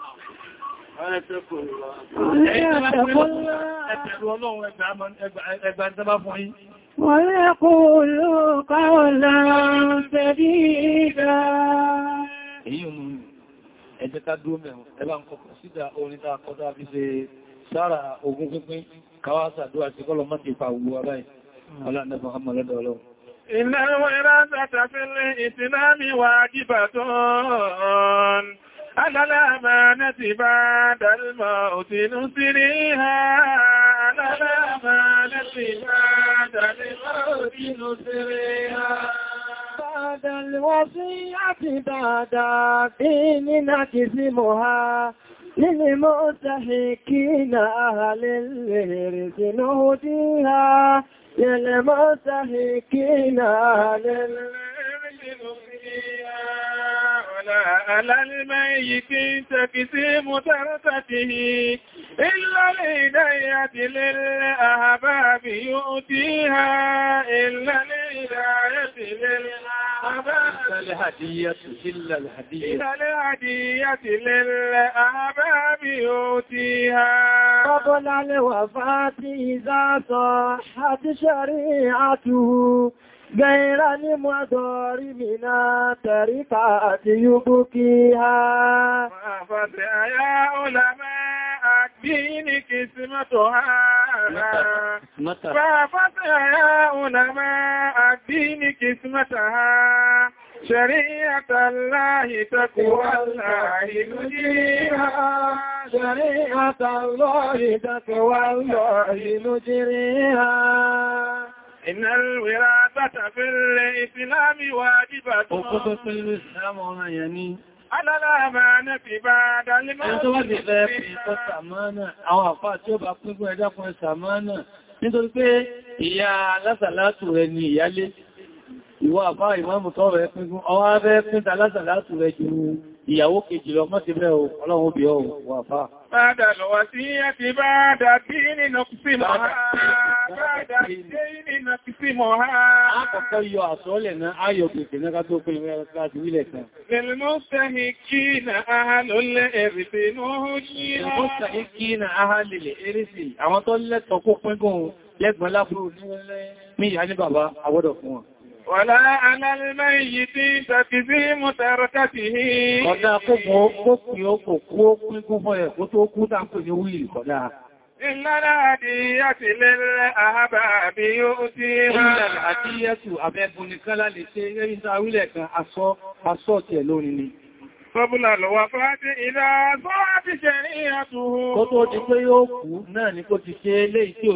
ويقولوا قولا سديدا Ẹjẹ́ ká dúró mẹ́rún, ẹbá ń kọkọ̀ sídà orin tàà kọjá fi ṣe sára ogun pínpín, káwàá sàdúwà sí kọ́lọ̀ mọ́ ti pa ògbò àbáyìí, ọlá ẹ̀nà Muhammad lọ́dọ̀ ọlọ́run. Ìnáwó ẹ̀rá tàtàfẹ́lẹ̀ ìtìnámi wà jíbà tó ń على الأمانة بعد الموت نسريها على الأمانة بعد الموت نسريها بعد الوصية بعد دين نكسمها للمستحقين أهل الهرس نهديها للمستحقين أهل الهرس نهديها على الميت تكسي ترثته إلا الهداية للأهباب يؤتيها إلا الهداية للأهباب الهدية إلا الهدية للأهباب يؤتيها قبل الوفاة إذا صحت شريعته غير لمضاربنا ترفع يبكيها ففتح يا علماء الدين كسمتها ففتح يا علماء الدين كسمتها شريعة الله تقوى الله نجريها شريعة الله تقوى الله نجريها Iná ìwèrà tàtà fẹ́rẹ̀ ìsìlámi wà jíbà tó. Òkú tó pé ìlú ìsìlámọ̀ ọ̀nà yẹn ní. Alára máa ní fi bá dalímọ̀. Ẹni tó wá ti fẹ́ fi ìkọ́ sàmánà, àwọn àfáà tí ó bá pínkún ẹjá fún ẹ sàmánà. Nítorí alásàlátù rẹ ni ìyàwó kejì lọ mọ́sí bẹ́ o ọlọ́run obì ọ wà fà. Bádà lọ wá sí ẹ̀tì bádà bí nínú kìsí mọ̀ ha. Bádà bí nínú kìsí mọ̀ ha. Àkọ́kọ́ yọ àsọ́ọ̀lẹ̀ náà ayọ̀ gbèsè náà ká tó pé ìwé láti wílẹ̀ kan. Lẹ́lmọ́sẹ̀hì kí na aha ló lẹ́ ẹ̀rìsì ní ó yí. Lẹ́gbọ́n lábúrú ní bàbá àwọ́dọ̀ fún wọn. Wàlá alálẹ́mẹ́ yìí tí tàbí sí mú tẹ̀rọ káàkiri. Ọ̀dá kókò ó pín ó kò kú ó pín kú fún ẹ̀kú tó kú dákù ní wíìlì kọ̀dá. Ìlànà àdíyàtì lẹ́rẹ́ àhábà àbí yóò tí rán. Ìlànà àdíyàtì àbẹ́bùn nìkan lálẹ́ ṣe eré ìtàwílẹ̀ ni. Fọ́bùlà lọ́wà fàájí ìlà fọ́ájí ṣẹ̀rí ni kó ti ṣe eléyìí tí ò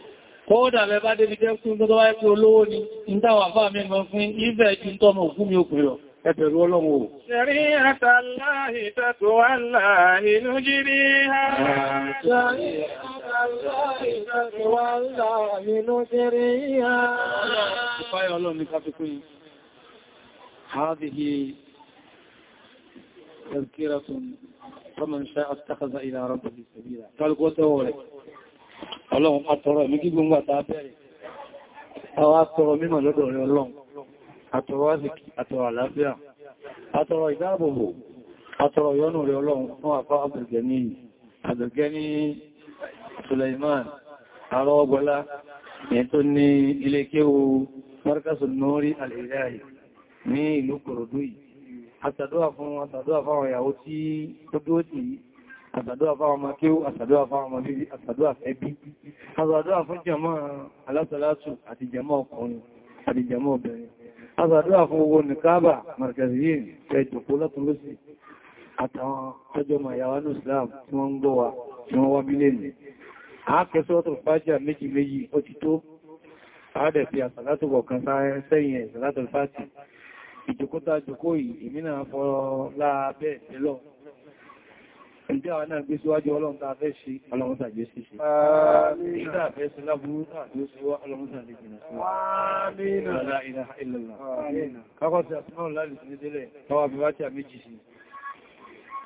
kódà bẹ bá débi jẹ́ fún tó wáyé pé olówó ni ìdáwà fà mẹ́mọ̀ fún ibẹ̀ tí ń tọ́mọ̀ fún mi òpin lọ ẹbẹ̀rù ọlọ́run o ṣẹ̀rí àtàláhì tàtò ọlọ́run má tọrọ mi kí gbogbo àtàbẹ̀rẹ̀ àwọn atọrọ mímọ̀ lọ́dọ̀ rẹ̀ ọlọ́run àtọrọ àzìkì àtọrọ àlàáfíà àtọrọ ìdáàbòbò àtọrọ yọ́nù rẹ̀ ọlọ́run fún àfá àbùgẹ̀ní àbùgẹ̀ní Suleiman arọ́gbọ́lá yẹn tó ní ilé kéwú markasu nori al-ilahi ní ìlú Kòròdú yìí àtàdúwà fún àtàdúwà fáwọn ìyàwó tí ó dúó tì í àṣàdúwà fáwọn ọmọ kéwú àṣàdúwà fáwọn ọmọ níbi àṣàdúwà fẹ́bí àṣàdúwà fún jẹmọ́ alásàlásù àti jẹmọ́ ọkùnrin àti jẹmọ́ obìnrin àṣàdúwà fún owó nìkábà markaziyin ẹjùkú látún lọ́sí àtàwọn tọ́jọ́ mayawa ní Islam tí wọ́n ń gbọ́ wa tí wọ́n wá bílẹ̀ ní àákẹsọ́tọ̀ fàájà méjì méjì ó ti tó àádẹ̀ fi àṣàlátù kọ̀ọ̀kan sẹ́yìn ẹ̀ ìṣàlátù fàájì ìjòkótà jòkó yìí Ìjẹ́ àwọn náà gbé síwájú ọlọ́run tàà fẹ́ ṣe ọlọ́run tàà sí lábúrú tàà tó sí wá ọlọ́run tàà sí. Wà ní sí àtúnmọ́ láìsí nílẹ̀,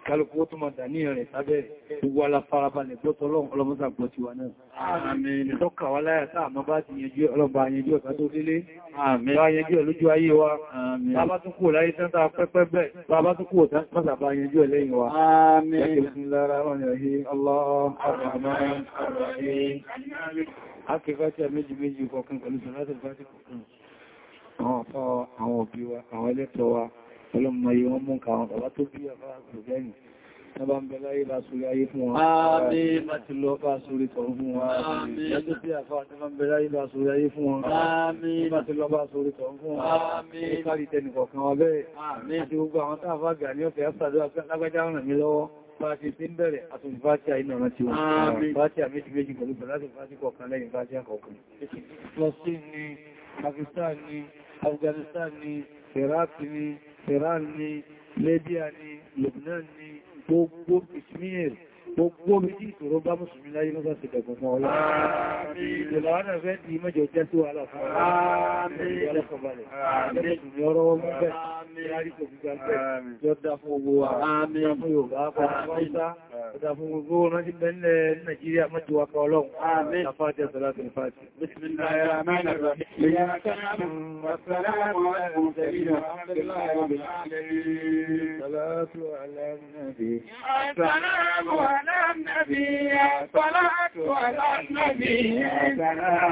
kálùkù tó máa dà ní ẹ̀rẹ̀ sábẹ̀ gbogbo aláfarabalẹ̀ gbọ́tọ̀ ọlọ́run ọlọ́mọ́sà gbọ́ ti wà náà. àmín tọ́ka wá láyà tá àmọ́ bá ti yẹjú ọlọ́ba yẹjú ọ̀tá tó délé àmín bá yẹjú ọlójú ayé wa bàbá tún kò láyé tán tá pẹ́pẹ́ bẹ́ẹ̀ bàbá tún kò tán mọ́sà bá yẹjú ẹlẹ́yìn wa àmín Àwọn ọ̀pọ̀ àwọn òbí wa, àwọn ẹlẹ́tọ̀ wa, ọlọ́mọ yìí wọ́n mú kàwọn bàbá tó bí ọfá àgbẹ̀gẹ́ni Ẹba ń bẹ láyé bá sórí ayé fún wa. Àmín. Bá ti lọ bá sórí tọ̀run fún wa. Àmín. Ẹjọ́ bí àfá àti bá ń bẹ láyé bá sórí ayé fún wa. Àmín. Bá ti lọ bá sórí tọ̀run fún wa. Àmín. Ó kárí tẹnìkọ̀ọ̀kan wa bẹ́ẹ̀. Àmín. Àti gbogbo àwọn táàfà gà ní ọ̀fẹ́ àṣàdúrà pé lágbájá ràn mí lọ́wọ́. Fáàtí ni, Pakistan ni, Afghanistan ni, Iraq ni, Iran ni Libya ni Lebanon ni gbogbo Ismail gbogbo mi tí ìṣòro bá mùsùlùmí láyé mọ́sá ti dẹ̀kùn fún ọlá ìjọba fẹ́ di mẹ́jọ jẹ́ tó wà láàfún ọlọ́kọ̀balẹ̀ ẹgbẹ̀rún ọ̀rọ̀ wọn mú bẹ́ẹ̀ yárí kò gbígbà bẹ́ẹ̀ jọ dá fún gbogbo wa fún Yorùbá fún Haúsá dá fún gbogbo wọn ti bẹ́ẹ̀lẹ̀ Nàìjíríà mọ́jú wa kọ ọlọ́run Salatu ala nabi. Salamu ala على النبي صلاة على النبي سلام